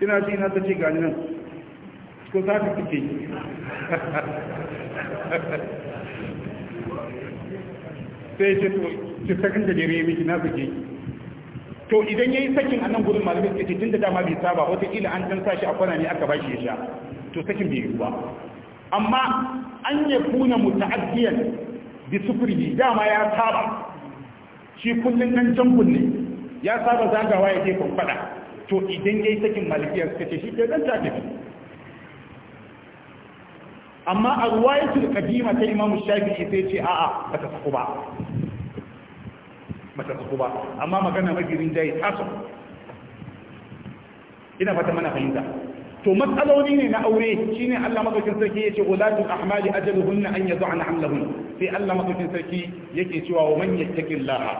Speaker 1: kina ce na ta ce gani nan ko za ka fice sai ce to ki sakin da jere miki na buge to idan yayi sakin a nan gurin malamin ke ce tun da dama bai saba wata kila an dan sashi a kwana ne aka bashi ya sha to sakin bai yi ba amma an ya kuna muta'addiyan bi sufuri dama ya saba shi kullun nan can kunne, ya saba zagawa ya je fada to idan yayi sakin malikiya suka ce shi ke dan ta tafi amma a ruwayatul kadima ta imamu shafi'i sai ce a'a bata tsaku ba bata tsaku ba amma magana magirin jayi ta so ina fata mana fahimta to matsaloli ne na aure shine Allah madaukakin sarki yace ulatul ahmali ajaluhunna an yad'ana hamlahun sai Allah madaukakin sarki yake cewa wa man yattaqillaha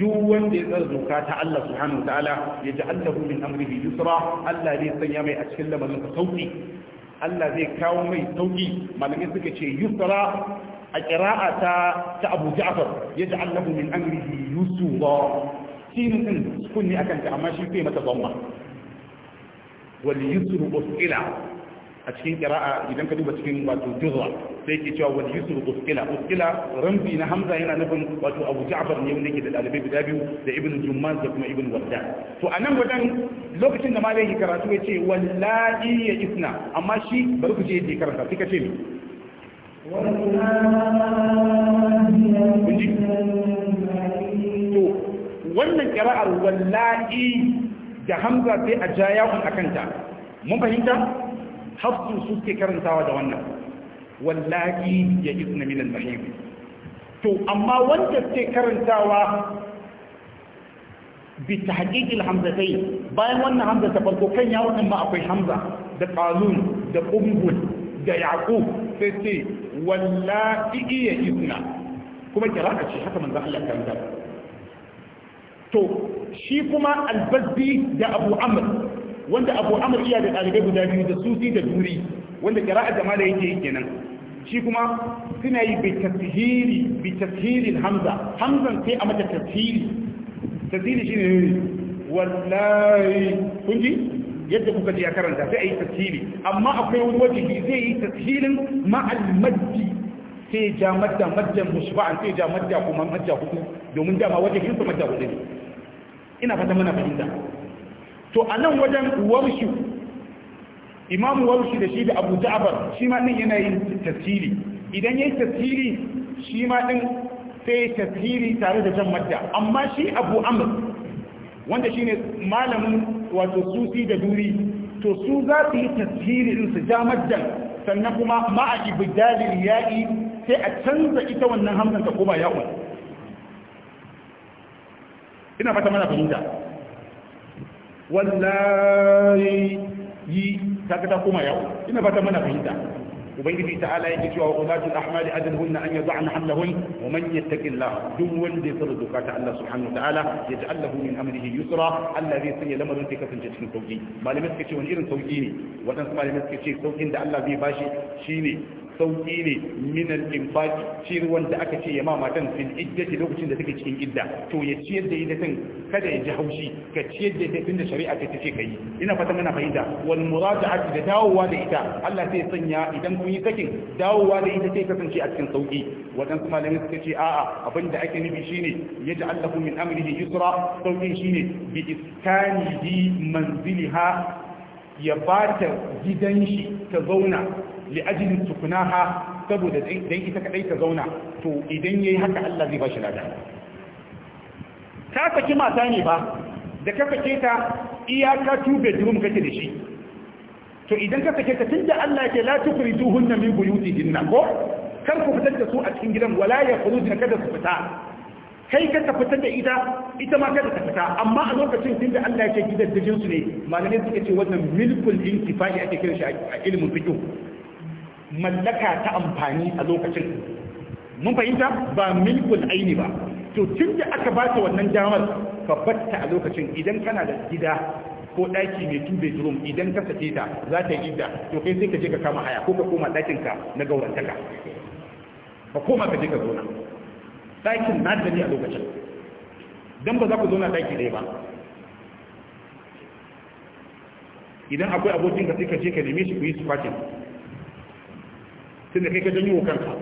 Speaker 1: duk wanda ya tsara doka ta Allah subhanahu wa ta'ala ya ji min amrihi yusra Allah zai sanya mai a cikin lamarin ka sauki Allah zai kawo mai sauƙi malamai suka ce yusra a ƙira'a ta ta Abu Ja'far ya ja'allahu min amrihi yusra sin din kunni akan ta amma shi sai mata zamma wal yusru usila a cikin kira'a idan ka duba cikin wato juzwa sai ke cewa wal yusuf uskila uskila ramzi na hamza yana nufin wato abu ja'far ne wanda yake da dalibai guda biyu da Ibn jumman da kuma Ibn warda to a nan wajen lokacin da malai karatu ya ce wallahi ya isna amma shi bari ku je yake karanta sai ka ce ni to wannan kira'ar wallahi da hamza sai a ja a kanta mun fahimta hafsu suke karantawa da wannan wallahi ya isna min al-mahim to amma wanda suke karantawa bi tahqiq al-hamzatayn bayan wannan hamza ta farko kan ya wannan ma akwai hamza da qalun da qumbul da yaqub sai sai wallahi ya isna kuma kira'a ce haka manzo Allah karanta to shi kuma al da abu amr wanda abu amr iya da ɗalibai guda biyu da susi da duri wanda a jama'a da yake yi kenan shi kuma suna yi bi tafhiri tafhirin hamza hamzan sai a mata tafhiri tafhiri shine wallahi kun ji yadda kuka ji a karanta sai a yi tafhiri amma akwai wani waje zai yi tafhirin ma'al maddi sai ja madda madda mushba'an sai ja madda kuma madda hudu domin dama waje kinsa madda hudu ne ina fata mana fahimta to a nan wajen warshi imamu warshi da shi da abu ja'far shi ma din yana yin tafsiri idan yayi tafsiri shi ma din sai tafsiri tare da jan madda amma shi abu amr wanda ne malamin wato sufi da duri to su za su yi tafsiri din su ja maddan sannan kuma ma'a ibdalil ya'i sai a canza ita wannan hamzan ta koma ya'un ina fata mana fahimta wallahi yi kaga ta kuma yau ina fata mana fahimta ubangiji ta'ala yake cewa wa ulatu al-ahmali ajruhunna an yad'ana hamlahun wa man yattaqillah duk wanda ya tsara doka ta Allah subhanahu wa ta'ala ya ta'allahu min amrihi yusra Allah zai sanya lamarin ta kasance cikin sauki malamai suka ce wani irin sauki ne wadansu malamai suka ce saukin da Allah zai bashi shine sauki ne minan infaki ruwan da aka ce ya ma matan fil iddati lokacin da take cikin idda to ya ciyar da ita kada ya ji haushi ka ciyar da ita tunda shari'a ta tace kai ina fata muna fahimta wal muraja'at da dawowa da ita Allah sai sanya idan kun yi sakin dawowa da ita sai kasance a cikin sauki wadansu malamai suka ce a'a abinda ake nufi shine yaj'al lakum min amrihi yusra sauki shine bi iskanihi manziliha ya bata gidan shi ta zauna li ajli sukunaha saboda dan ita kadai ta zauna to idan yayi haka Allah zai bashi lada ka saki mata ne ba da ka sake ta iyaka two bedroom kake da shi to idan ka sake ta tunda Allah yake la tukhrijuhunna min buyutihinna ko kar ku fitar da su a cikin gidan wala ya khurujna kada su fita kai ka ka da ita ita ma kada ta fita amma a lokacin tun da Allah ya gidan gidajen su ne malamai suka ce wannan milkul intifa'i ake kiran a ilimin fiqh mallaka ta amfani a lokacin mun fahimta ba milkul aini ba to tun da aka ba ta wannan damar ka batta a lokacin idan kana da gida ko ɗaki mai tube bedroom idan ka sake ta za ta yi idda to kai sai ka je ka kama haya ko ka koma ɗakinka na gaurantaka ka koma ka je ka zauna ɗakin na da ne a lokacin don ba za ku zauna ɗaki ɗaya ba idan akwai abokin ka sai ka je ka neme shi ku yi su tunda kai ka janyo kanka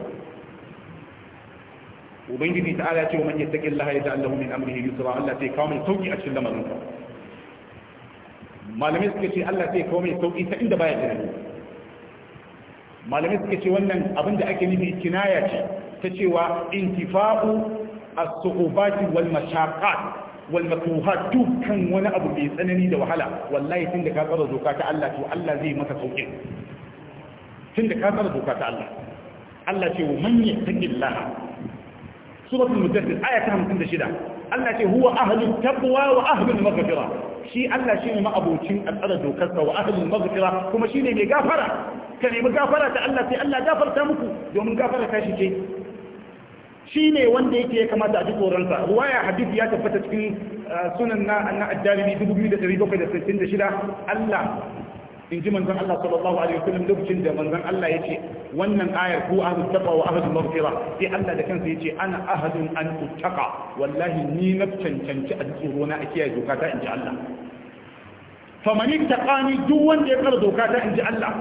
Speaker 1: ubangiji ta ala ce wa man yattaqi Allah ya ta'allahu min amrihi yusra Allah sai kawo mai sauki a cikin lamarin ka malamai suka ce Allah sai kawo mai sauki ta inda baya tunani malamai suka ce wannan abin da ake nufi kinaya ce ta cewa intifa'u as-su'ubati wal mashaqqat wal makruhat dukkan wani abu mai tsanani da wahala wallahi tunda ka tsara doka ta Allah to Allah zai maka sauki da ka tsara doka ta Allah Allah ce wa man yattaqillah suratul mujaddid aya ta 56 Allah ce huwa ahlut taqwa wa ahlul maghfira shi Allah shi shine ma'abocin tsara dokar sa wa ahlul maghfira kuma shi ne mai gafara ka nemi gafara ta Allah sai Allah gafarta muku domin gafara ta shi ce shi ne wanda yake ya kamata a ji tsoronsa ruwaya hadith ya tabbata cikin ah, sunan na annan addalimi 2766 Allah in ji manzon Allah sallallahu alaihi wasallam lokacin da manzon Allah yace wannan ayar ku ahadu taqwa wa ahadu maghfira sai Allah da kansa yace ana ahadun an uttaqa wallahi ni na cancanci a tsoro na akiya doka ta in ji Allah faman ittaqani duk wanda ya kar doka ta in ji Allah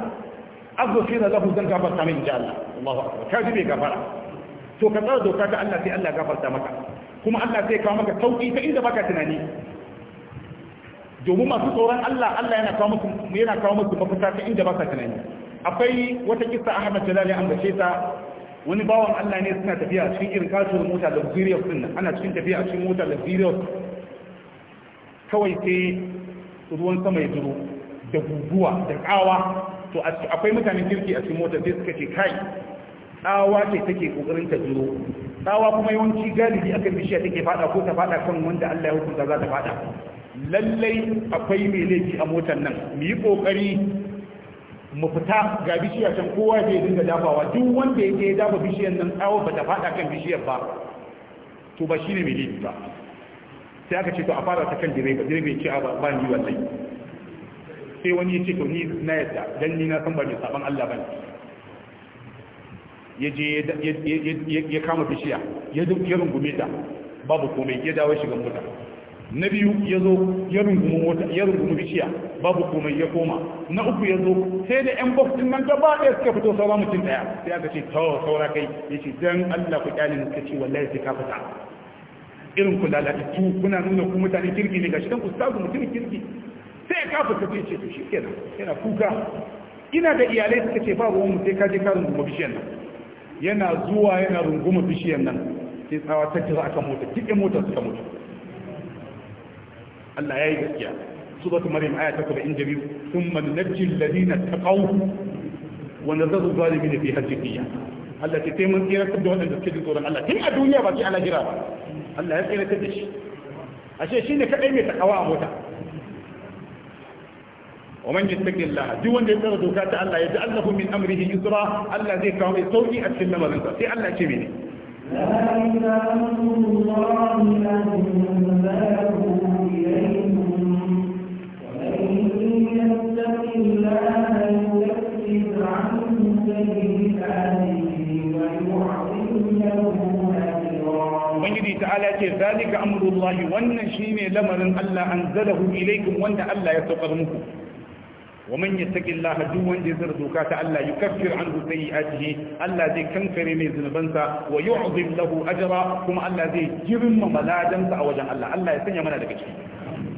Speaker 1: aghfira lahu zan gafarta min in ji Allah Allahu akbar kaji bai gafara to ka tsara doka ta Allah sai Allah gafarta maka kuma Allah sai kawo maka sauki ta inda baka tunani domin masu tsoron Allah Allah yana kawo musu yana kawo musu mafita ta inda ba sa tunani akwai wata kissa Ahmad Jalali an bace ta wani bawan Allah ne suna tafiya a cikin irin kasuwar mota luxurious din nan ana cikin tafiya a cikin mota luxurious kawai sai ruwan sama ya duro da guguwa da kawa to akwai mutanen kirki a cikin motar sai suka ce kai tsawa ce take kokarin ta duro tsawa kuma yawanci galibi akan bishiya take fada ko ta fada kan wanda Allah ya hukunta za ta fada lallai akwai mai laifi a motar nan mu yi kokari mu fita ga bishiya can kowa zai dinga dafawa duk wanda yake ya dafa bishiyar nan tsawo ba ta fada kan bishiyar ba to ba shine mai laifi ba sai aka ce to a fara ta kan direba bai ce a ba ni wallahi sai wani ya ce to ni na yadda dan ni na san ba ni saban Allah bane ya je ya kama bishiya ya rungume ta babu komai ya dawo shiga mota na biyu ya zo ya rungumi bishiya babu komai ya koma na uku ya zo sai da yan box nan gaba ɗaya suka fito saura mutum ɗaya sai aka ce tawo saura kai ya ce dan allah ku kyalin suka ce wallahi sai ka fita irin ku lalatattu kuna nuna ku mutane kirki ne gashi dan sabu mutum kirki sai ka fita sai ce to shi kenan yana kuka ina da iyalai suka ce ba ruwan mu sai ka je ka runguma bishiyan nan yana zuwa yana runguma bishiyan nan sai tsawa ta kira akan mota kike motar suka mutu Allah ya yi gaskiya suratul maryam aya ta 72 thumma nunajjil ladina taqaw wa nadharu zalimin fi hajjiyya Allah ta taimun tsira da waɗanda suke jin tsoron Allah tun a duniya ba sai Allah jira ba Allah ya tsira da shi ashe ne kaɗai mai takawa a mota ومن يتق الله دي وند يتر دوكات الله يجعل له من امره يسرا الله زي كان يسوي اكل ما بنت سي الله كي بيني
Speaker 3: لا اله الا الله
Speaker 1: ta'ala ce zalika amrullahi wannan shine lamarin Allah anzalahu ilaykum wanda Allah ya saukar muku wa man yattaqillaha duk wanda ya doka ta Allah yukaffir anhu sayi'atihi Allah zai kankare mai zunubansa wa yu'zim lahu ajra kuma Allah zai girmama ladansa a wajen Allah Allah ya sanya mana daga ciki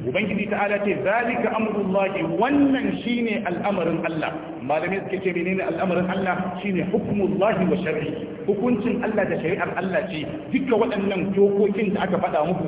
Speaker 1: ubangiji ta'ala ce zalika amrullahi wannan shine al'amarin Allah malamai suke ce menene al'amarin Allah shine hukmullahi wa shar'i hukuncin Allah da shari'ar Allah ce duka waɗannan dokokin da aka faɗa muku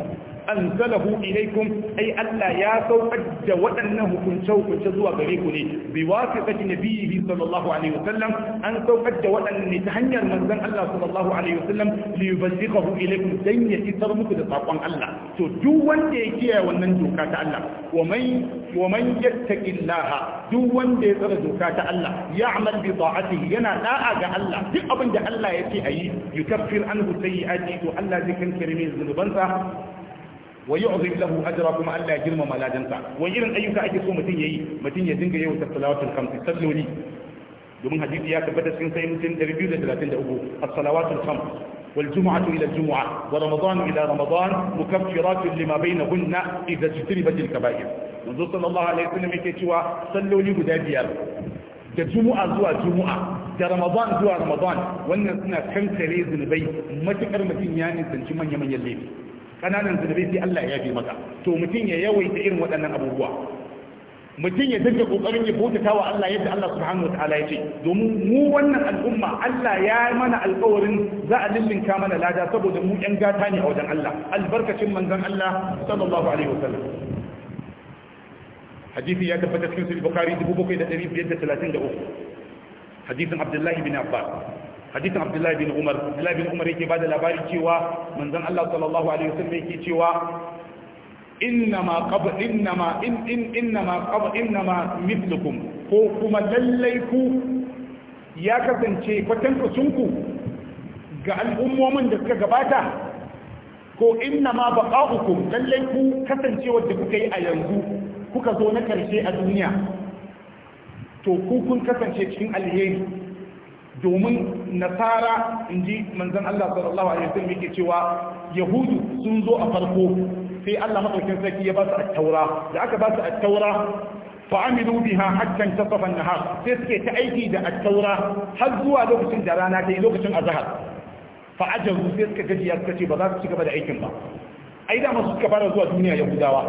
Speaker 1: anzalahu ilaykum ay Allah ya saukar da waɗannan hukunce hukunce zuwa gare ku ne bi wasiqati nabiyhi sallallahu alaihi wasallam an saukar da waɗannan ne ta hanyar manzon Allah sallallahu alaihi wasallam li yuballighahu ilaykum dan ya isar muku da sakon Allah to duk wanda ya kiyaye wannan doka ta Allah wa man wa man yattaqillaha duk wanda ya tsara doka ta Allah ya'mal bi ta'atihi yana da'a ga Allah duk abin da Allah yake ayi yukaffiru anhu sayyi'ati to Allah zai kankare mai zunubansa ويعظم له اجركم الا جرم ما لا جنتا ويرن ايوكا اجي سو متين يي متين يي دينغ يي تصلاوات الخمس تسلوني دومن حديث يا كبدا سين سين سين ريفيو ده الصلوات الخمس والجمعه الى الجمعه ورمضان الى رمضان مكفرات لما بينهن اذا اجتنبت الكبائر منذ صلى الله عليه وسلم كيتوا صلوا لي بدابيا da juma'a zuwa juma'a da رمضان zuwa ramadan wannan suna kankare zunubai matukar mutum ya nisanci manya-manyan laifi kananan zunubai sai Allah ya bi maka to mutum ya yawaita irin waɗannan abubuwa mutum ya dinga kokarin ya bauta wa Allah yadda Allah subhanahu wataala ya ce domin mu wannan al'umma Allah ya mana alƙawarin za a lillinka mana lada saboda mu ƴan gata ne a wajen Allah albarkacin manzon Allah sallallahu alaihi wasallam hadisi ya tabbata cikin sahih bukhari 7533 hadisin abdullahi bin abbas hadisin abdullahi bin umar abdullahi bin umar yake bada labari cewa manzon Allah sallallahu alaihi wasallam yake cewa innama qab innama in in innama qab innama mithlukum ko kuma lallai ku ya kasance kwatanta sunku ga al'ummomin da suka gabata ko innama baqa'ukum lallai ku kasance wanda kuka yi a yanzu kuka zo na karshe a duniya to ku kun kasance cikin alheri domin nasara in ji manzan Allah sallallahu alaihi wasallam yake cewa yahudu sun zo a farko sai Allah madaukin sarki ya ba su da aka ba su at-taura fa'amilu biha hatta tasafa an-nahar sai suke ta aiki da attaura har zuwa lokacin da rana ta yi lokacin azhar fa ajabu sai suka gaji ya suka ce ba za su ci gaba da aikin ba ai da masu suka fara zuwa duniya yahudawa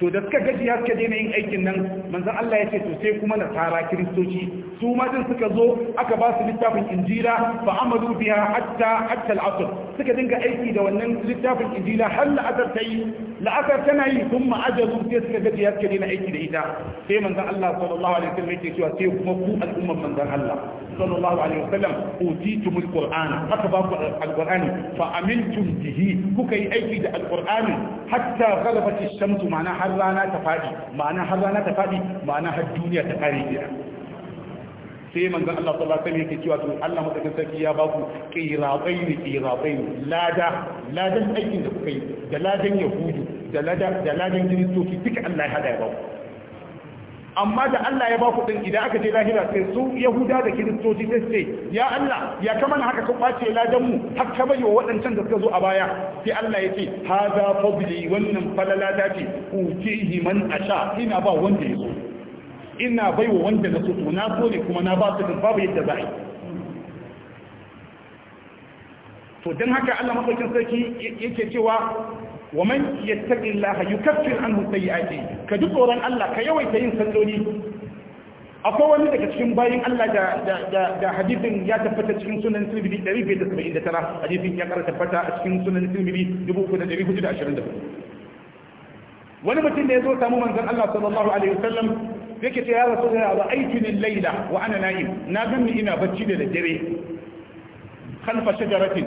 Speaker 1: to da suka gaji ya suka daina yin aikin nan manzon Allah ya ce to sai kuma nasara kiristoci su ma din suka zo aka ba su littafin injila ba amadu biya hatta hatta al suka dinga aiki da wannan littafin injila har la'azar ta yi la'asar tana yi sun ma'ajazu sai suka gaji ya suka daina aiki da ita sai manzon Allah sallallahu alaihi wasallam yake cewa sai kuma ku al'ummar manzan Allah sallallahu alaihi wasallam utitumul qur'ana haka ba ku alqur'ani fa amintum bihi kuka yi aiki da alqur'ani hatta ghalabat ash-shamsu ma'ana har rana ta fadi ma'ana har rana ta fadi ma'ana har duniya ta kare kenan sai manzon Allah sallallahu alaihi wasallam yake cewa to Allah madaukakin sarki ya ba ku qiratayn qiratayn lada ladan aikin da kuka yi da ladan yahudu da ladan da ladan kristoci duka Allah ya hada ya ba ku amma da Allah ya ba ku din idan aka je lahira sai su yahuda da kristoci sai sai ya Allah ya kama haka ka kwace ladan mu har ka bayyana waɗancan da suka zo a baya sai Allah ya ce hadha fadli wannan falala dace utihi man asha ina ba wanda ya so ina bai wa wanda na soso na so ne kuma na ba su babu yadda za yi to don haka Allah mafakin sarki yake cewa wa man yattaqi Allah yukaffir anhu sayyi'ati ka ji tsoron Allah ka yawaita yin salloli akwai wani daga cikin bayin Allah da da da hadisin ya tabbata cikin sunan Tirmidhi 579 hadisin ya kara tabbata a cikin sunan Tirmidhi 3424 wani mutum da ya zo samu manzon Allah sallallahu alaihi wasallam sai ta ce ya rasu da ba aikin laila wa ana na'im na ganni ina bacci da dare khalfa shajaratin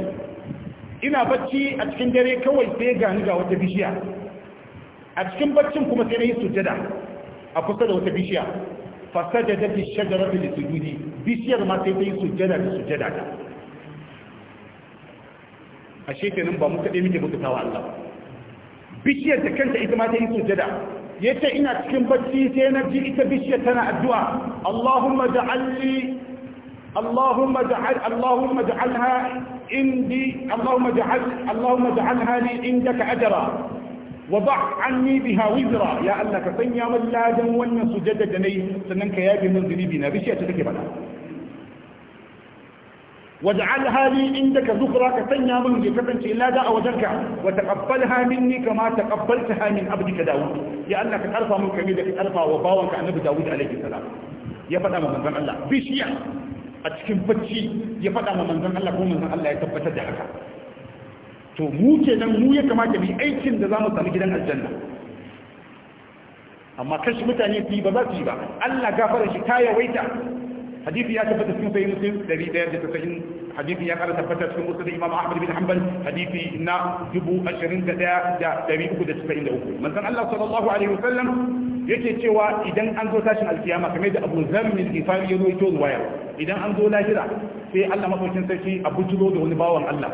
Speaker 1: ina bacci a cikin dare kawai sai ga ni ga wata bishiya a cikin baccin kuma sai na yi sujada a kusa da wata bishiya fasada da fi shajarar da sujudi bishiyar ma sai ta yi sujada da sujada ta a shekarun ba mu kaɗe muke bukutawa Allah bishiyar da kanta ita ma ta yi sujada yace ina cikin bacci sai na ji ita bishiya tana addu'a Allahumma ja'alli Allahumma ja'al Allahumma ja'alha indi Allahumma ja'al Allahumma ja'alha ya Allah ka sanya min wannan sujada da nayi sannan ka yabi min zunubi na bishiya ta take bada واجعلها لي عندك ذكرى كتنيا من جفتن إلا داء وجنك وتقبلها مني كما تقبلتها من عبدك داود يا الله كتعرفها من كبيرة كتعرفها وباوك عن نبي داود عليه السلام يا فتى من منزل الله بشيع أتكن فتشي يا فتى من منزل الله كون منزل الله يتبت دعك to mu kenan mu ya kamata mu yi aikin da zamu samu gidan aljanna amma kashi mutane su yi ba za su yi ba Allah gafara shi ta yawaita hadisi ya tabbata cikin sahih muslim 1190 hadisi ya kara tabbata cikin musnad imam ahmad bin hanbal hadisi na 21393 manzon Allah sallallahu alaihi wasallam yake cewa idan an zo tashin alkiyama kamar da Abu Zamm al-Ghifari ya rawaito riwaya idan an zo lahira sai Allah madaukakin sarki a bujiro da wani bawan Allah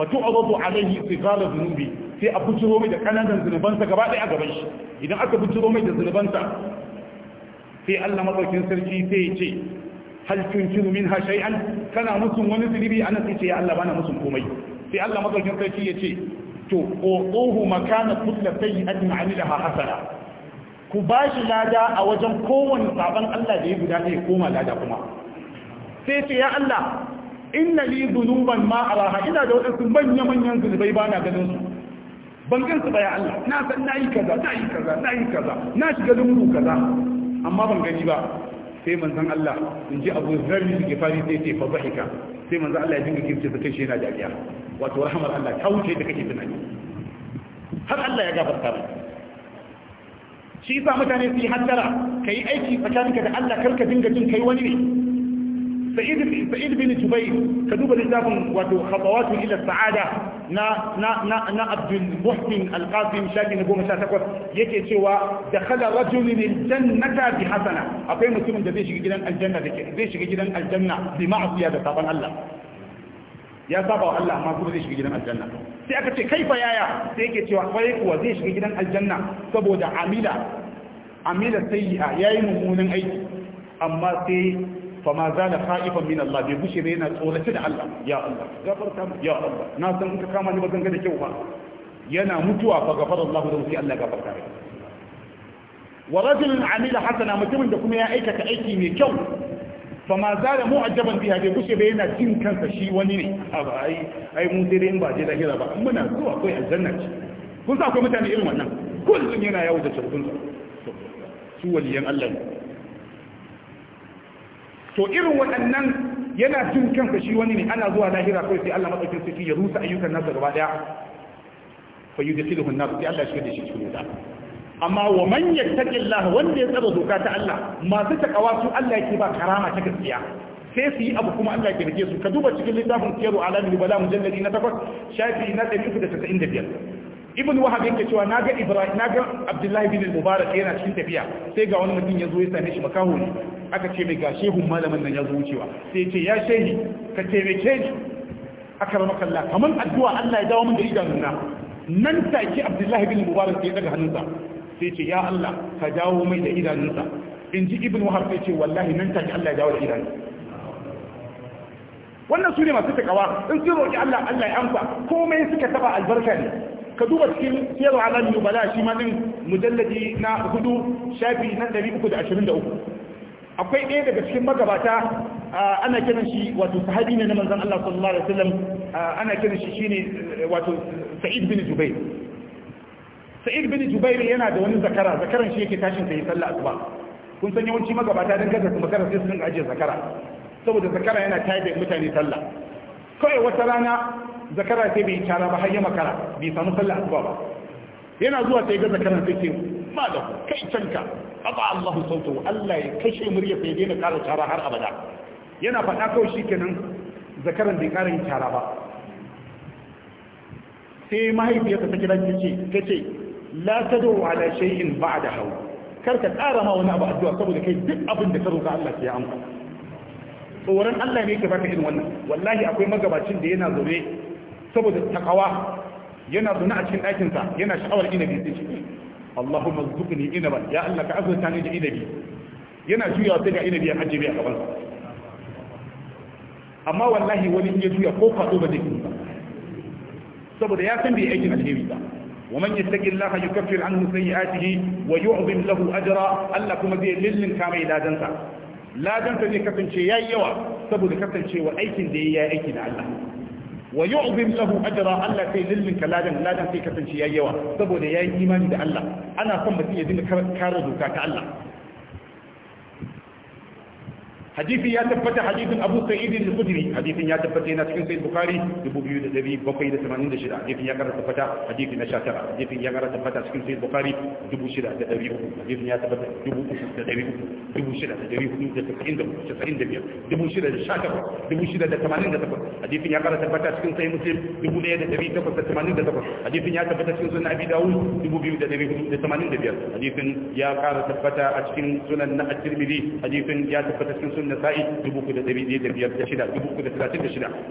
Speaker 1: fatu'radu alayhi sigara dhunubi sai a bujiro mai da kananan zunubansa gaba ɗaya a gaban shi idan aka bujiro mai da zunubansa sarki sai hal tunkiru minha shay'an kana musun wani zunubi anan sai ce ya Allah bana musun komai sai Allah madaukin sarki ya ce to ƙoƙohu makana kulla sai ajin amilaha hasana ku bashi lada a wajen kowanne sabon Allah da ya guda ne koma lada kuma sai ce ya Allah inna li zunuban ma araha ina da wadansu manya manyan zunubai bana na ganin su ban gan su ba ya Allah na san nayi kaza nayi kaza nayi kaza na shiga lungu kaza amma ban gani ba sai manzon Allah in ji Abu Zarri ke fari sai ce fadhika sai manzon Allah ya dinga kirce da kai shi yana dariya wato rahmar Allah ta wuce da kake tunani har Allah ya gafarta mai shi yasa mutane su yi ka yi aiki tsakaninka da Allah karka dinga jin kai wani ne sa'id bin jubai ka duba littafin wato khatawatu ila sa'ada na na na abdul muhsin al-qasim shaki na goma sha takwas yake cewa da khala rajulun jannata bi hasana akwai mutumin da zai shiga gidan aljanna da zai shiga gidan aljanna da Allah ya saba wa Allah amma kuma zai shiga gidan aljanna sai aka ce kaifa yaya sai yake cewa kwarai kuwa zai shiga gidan aljanna saboda amila amila sayyi'a yayi mummunan aiki amma sai fa ma zala khaifan min Allah bai bushe ba yana tsorace da Allah ya Allah gafarta mu ya Allah na san ka kama ni ba zan ga da kyau ba yana mutuwa fa gafara Allah da sai Allah gafarta mai wa rajulun amila hasana mutumin da kuma ya aikata aiki mai kyau fa ma zala mu'ajjaban biha bai bushe ba yana jin kansa shi wani ne ai ai mun dai in ba je hira ba muna zuwa kai aljanna ce kun sa akwai mutane irin wannan kullun yana yawo da shirkunsa su waliyan Allah ne to irin waɗannan yana jin kansa shi wani ne ana zuwa lahira kawai sai Allah madaukakin sarki ya rusa ayyukan nasa gaba daya fa yudkhiluhu an-nar sai Allah shi da shi cikin wuta amma wa man yattaqillah wanda ya tsara doka ta Allah masu takawa su Allah yake ba karama ta gaskiya sai su yi abu kuma Allah ke rike su ka duba cikin littafin siyaru alamin bala mujalladi na takwas shafi na da da casa'in biyar. ibn wahab yake cewa naga ibrahim naga abdullahi bin mubarak yana cikin tafiya sai ga wani mutum ya zo ya same shi makaho ne aka ce mai ga shehun malamin nan ya zo wucewa sai ce ya shehi ka taimake ni aka rama kalla kamar addu'a Allah ya dawo min da idanuna nan take Abdullahi bin Mubarak sai daga hannunsa sai ce ya Allah ka dawo mai da idanunsa in ji ibn Wahab sai ce wallahi nan take Allah ya dawo da idanunsa wannan su ne masu takawa in sun roƙi Allah Allah ya amsa komai suka taba albarka ne ka duba cikin siyarwa alamin nubala shi ma ɗin mujalladi na hudu shafi na 323 akwai ɗaya daga cikin magabata ana kiran shi wato sahabi ne na manzon Allah sallallahu alaihi wasallam ana kiran shi shine eh, wato Sa'id bin Jubair Sa'id bin Jubair yana da wani zakara zakaran shi yake tashin sai sallah asuba kun san yawanci magabata dan gaza kuma kada sai sun aje zakara saboda zakara yana tayar da mutane sallah kawai wata rana zakara sai bai tara ba har ya makara bai samu sallah asuba ba yana zuwa sai ga zakaran sai ma da kai canka qada Allah sautu Allah ya kashe murya fa daina ƙara tara har abada yana faɗa kawai shikenan zakaran bai ƙara yin tara ba sai mahaifiyarsa ta kira ta ce ta ce la tadu ala shay'in ba'da kar ka ma wani abu addu'a saboda kai duk abin da ka roƙa Allah ya amsa tsoron Allah ne ke baka irin wannan wallahi akwai magabacin da yana zaune saboda takawa yana zaune a cikin ɗakinsa yana sha'awar inabi sai Allahumma zuqni inaban ya Allah ka azurta ni da inabi yana juya sai ga inabi ya ajiye a gaban amma wallahi wani ya juya ko fado ba zai ba saboda ya san bai ومن يتق الله يكفر عنه سيئاته ويعظم له اجرا الله كما زي للن كما لا دنسا لا دنسا ne kasance yayi yawa saboda kasancewa aikin da aiki da Allah wa yu'zim lahu ajra Allah sai lilmin ka ladan sai kasance yayi yawa saboda yayi imani da Allah ana son mutum ya dinga kare doka ta Allah hadisi ya tabbata hadisin Abu Sa'id al-Khudri hadisin ya tabbata yana cikin Sahih Bukhari 2786 hadisin ya karanta tabbata hadisi na 19 hadisin ya karanta tabbata cikin Sahih Bukhari 6300 hadisin ya tabbata 3300 6495 hadisin ya karanta tabbata cikin Sahih Muslim 1888 hadisin ya tabbata cikin Sunan Abi Dawud 2485 hadisin ya karanta tabbata a cikin Sunan At-Tirmidhi hadisin ya tabbata cikin hadisun nasa'i 3,536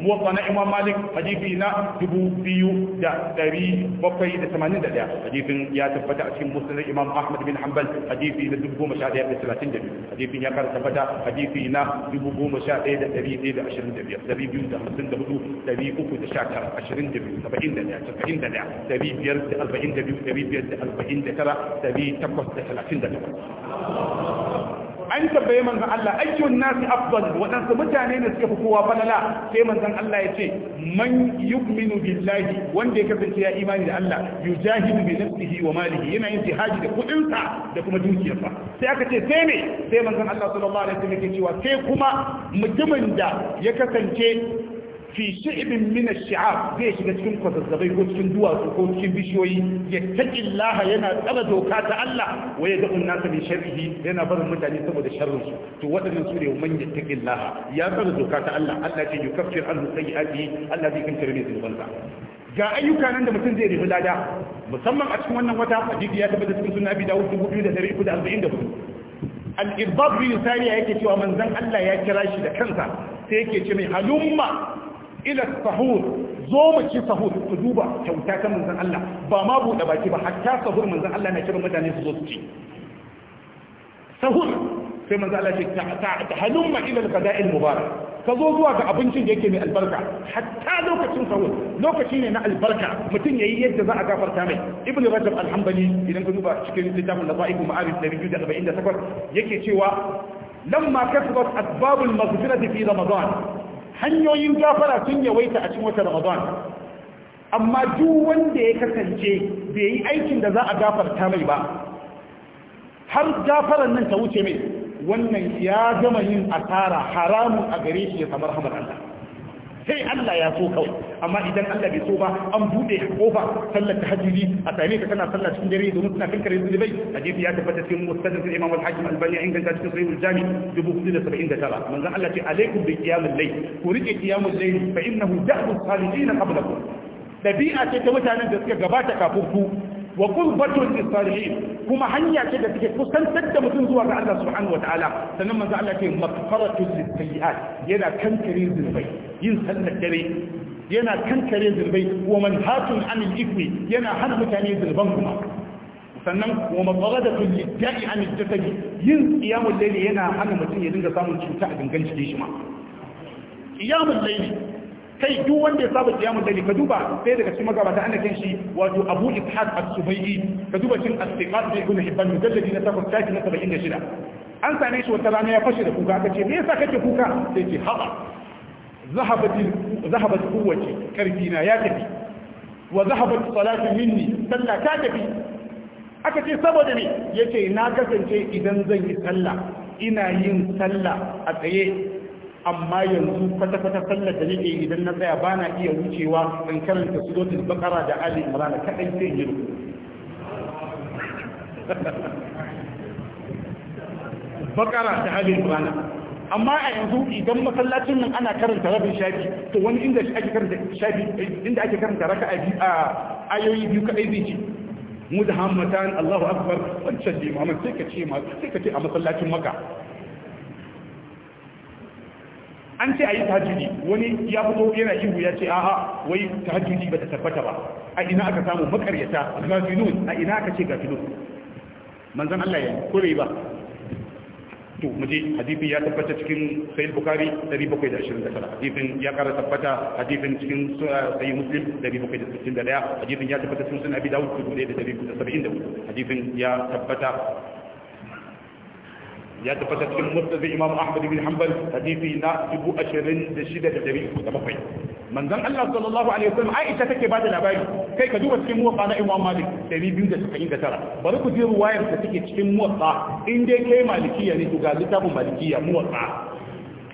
Speaker 1: muwatta na imam malik hadisi na 2,781 hadisin ya tabbata a cikin musulun imam ahmad bin hanbal hadisi na biyu hadisin ya kara tabbata hadisi na 11,122 da da da da an tabbaye manzon Allah ayyun nasi afdal waɗansa mutane ne suka fi kowa falala sai manzon Allah ya ce man yu'minu billahi wanda ya kasance ya imani da Allah yujahidu bi nafsihi wa malihi yana yin jihadi da kudin sa da kuma dukiyarsa sai aka ce sai me sai manzon Allah sallallahu alaihi wasallam yake cewa sai kuma mutumin da ya kasance fi shi'ibin min ash-shi'ab zai shiga cikin kwazazzabai ko cikin duwatsu ko cikin bishiyoyi ya taki yana tsara doka ta Allah wa ya da'un nasa min sharrihi yana barin mutane saboda sharrin su to waɗannan su ne man ya taki ya tsara doka ta Allah Allah ce yukaffir anhu sayyi'ati Allah zai kankare ne zunubansa ga ayyuka nan da mutum zai rufe lada musamman a cikin wannan wata hadisi ya tabbata cikin sunan Abi Dawud 2344 al-Irbad bin Sariya yake cewa manzon Allah ya kira shi da kansa sai yake ce mai halumma ila sahur zo mu ci sahur ku duba kyauta ta manzon Allah ba ma buɗe baki ba hatta sahur manzon Allah na kira mutane su zo su ci sahur sai manzon Allah ce ta halumma ila al-qada'il mubarak ka zo zuwa ga abincin da yake mai albarka hatta lokacin sahur lokaci ne na albarka mutum yayi yadda za a gafarta mai ibn rajab alhambali idan ka duba cikin littafin da ma'arif 248 yake cewa lamma kasabat asbabul maghfirati fi ramadan hanyoyin gafara sun yawaita a cikin wata ramadan amma duk wanda ya kasance bai yi aikin da za a gafarta mai ba har gafaran nan ta wuce mai wannan ya gama yin asara haramun a gare shi ya samar hamar Allah sai Allah ya so kawai amma idan Allah bai so ba an bude kofa sallar tahajjudi a same ka kana sallar cikin dare domin kana kankare zulubai hadisi ya tabbata cikin mustadrak al-imam al-hakim al-albani inganta cikin sahih al-jami 479 manzon Allah ce alaikum bi qiyamul layl ku rike qiyamul layl fa innahu da'u salihin qablakum dabi'a ce ta mutanen da suka gabata kafin ku wa qurbatun lisalihin kuma hanya ce da take kusantar da mutum zuwa ga Allah subhanahu wataala sannan manzo Allah ke maghfaratul lisayyi'at yana kankare zunubai yin sallar dare yana kankare zunubai wa manhatun anil ithmi yana hana mutane zunuban kuma sannan wa maghfaratul lidda'i anil jasadi yin qiyamul layli yana hana mutum ya dinga samun cuta a gangan cikin shi ma
Speaker 2: qiyamul layli
Speaker 1: kai duk wanda ya saba kiyamun dali ka duba sai daga cikin magabata ana kan shi wato Abu Ishaq as-Subayyi ka duba cikin as-Siqat bi Ibn Hibban mujalladi na takwas taki na 76 an same shi wata rana ya fashe da kuka aka ce me yasa kake kuka sai ce haɓa zahabat kuwace karfi na ya tafi wa zahabat salatu minni sallah ta tafi aka ce saboda me yace na kasance idan zan yi sallah ina yin sallah a tsaye amma yanzu kwata-kwata sallar da nake idan na tsaya bana iya wucewa in karanta suratul baqara da ali imran kadai sai yi
Speaker 2: baqara da ali imran
Speaker 1: amma a yanzu idan masallacin nan ana karanta rabin shafi to wani inda ake karanta shafi inda ake karanta raka'a biyu a ayoyi biyu kadai zai ci mudahammatan Allahu akbar wancan limamin sai ka ce sai ka ce a masallacin maka an ce a yi tahajjudi wani ya fito yana ihu ya ce a'a wai tahajjudi ba ta tabbata ba a ina aka samu makaryata gafilun a ina aka ce ga gafilun manzon Allah ya kore ba to muje hadisi ya tabbata cikin sahih bukhari 729 hadisin ya kara tabbata hadisin cikin uh, sahih muslim 761 hadisin ya tabbata cikin sunan abi daud 1474 hadisin ya tabbata ya tabbata cikin musnad imam ahmad bin hanbal hadisi na 26387 manzon Allah sallallahu alaihi wasallam Aisha take ba da labari kai ka duba cikin muwatta na Imam Malik 279 bari ku je ruwayar ta take cikin muwatta in dai kai malikiya ne to ga littafin malikiya muwatta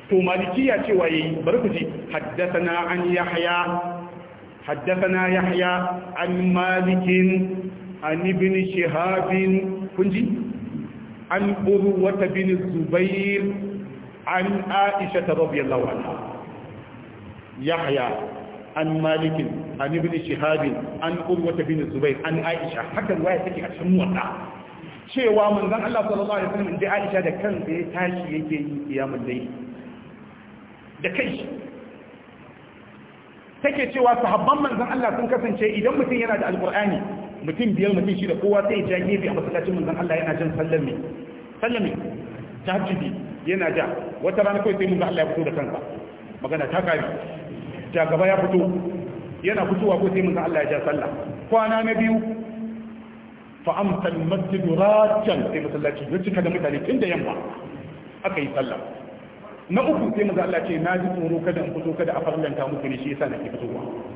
Speaker 1: to malikiya cewa yayi bari ku ji haddathana an yahya haddathana yahya an malikin an ibn shihab kun ji an urwata bin zubair an aisha ta radiyallahu anha yahya an malik an ibn shihab an urwata bin zubair an aisha hakan waya take a cikin wannan cewa manzon Allah sallallahu alaihi wasallam da aisha da kansa ya tashi yake yi kiyamul layl da kai take cewa sahabban manzon Allah sun kasance idan mutum yana da alqur'ani mutum biyar mutum shida kowa sai ya ja gefe a masallacin manzon Allah yana jan sallar me sallar me tahajjudi yana ja wata rana kawai sai manzon Allah ya fito da kansa magana ta kare ta gaba ya fito yana fitowa ko sai manzon Allah ya ja sallah kwana na biyu fa amsal masjidu rajjan sai masallaci ya cika da mutane tun da yamma aka yi sallah na uku sai manzon Allah ce na ji tsoro kada in fito kada a farlanta muku ne shi yasa nake fitowa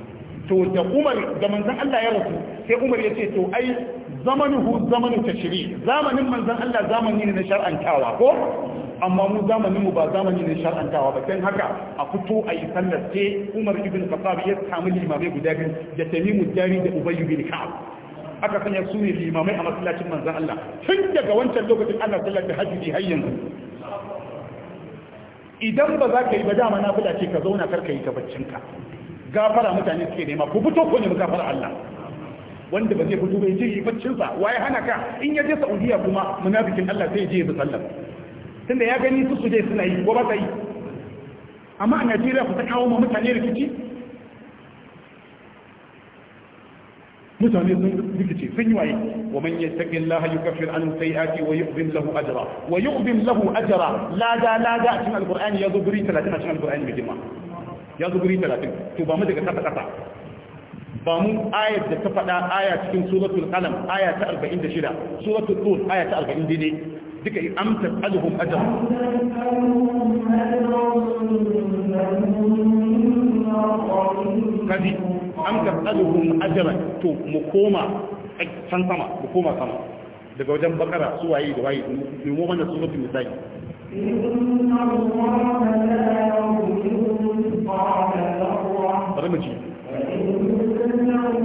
Speaker 1: to da umar da manzan Allah ya rasu sai umar ya ce to ai zamanuhu ta shiri. zamanin manzan Allah zamani ne na shar'antawa ko amma mu zamanin mu ba zamani ne na shar'antawa ba Don haka a fito a yi sallar ce umar ibn khattab ya samu limamai guda biyu da tamimu jari da ubay ibn ka'ab aka sanya su ne limamai a masallacin manzan Allah tun daga wancan lokacin ana sallar da hajji har yanzu idan ba za ka yi ba dama na fada ce ka zauna kar ka yi ka gafara mutane suke nema ku fito ko nemi gafara Allah wanda ba zai fito bai je yi baccin sa waye hana ka in ya je Saudiya kuma munafikin Allah sai je ya sallah tunda ya gani su suje suna yi ko ba sai amma a Najeriya ku ta kawo ma mutane rikici mutane sun rikici sun yi waye wa man yattaqi Allah yukaffir anhu sayi'ati wa yu'zim lahu ajra wa yu'zim lahu ajra la da la da cikin alqur'ani ya zo guri 30 cikin alqur'ani mai jima ya zo guri talatin to ba mu daga kasa kasa ba mu ayat da ta faɗa aya cikin suratul qalam aya ta 46 suratul tur aya ta 40 daidai duka am tasaluhum ajra kadi am tasaluhum ajra to mu koma san sama mu koma sama daga wajen bakara su waye da waye mu mu wannan suratul misali
Speaker 2: inna allaha la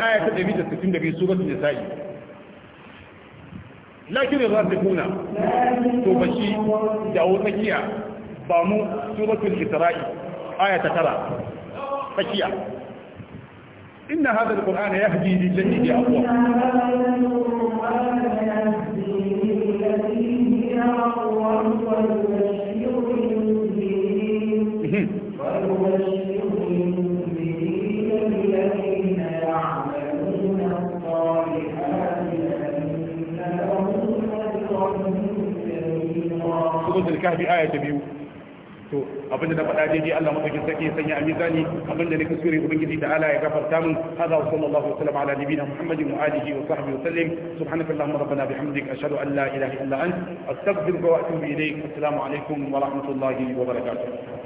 Speaker 3: aya ta
Speaker 1: 162 suratul nisa'i lakin yarzuquna to bashi da tsakiya ba mu suratul isra'i aya ta tara tsakiya inna hadha alqur'ana yahdi lil lati suratul kahfi aya biyu to abinda na faɗa daidai Allah madaukin sarki ya sanya a mizani abinda na kusure ubangiji da Allah ya gafarta min hada wa sallallahu alaihi wa sallam ala nabiyina muhammadin wa alihi wa sahbihi wa sallim subhanaka allahumma rabbana bihamdika ashhadu an la ilaha illa ant astaghfiruka wa atubu ilayk assalamu alaikum wa rahmatullahi wa barakatuh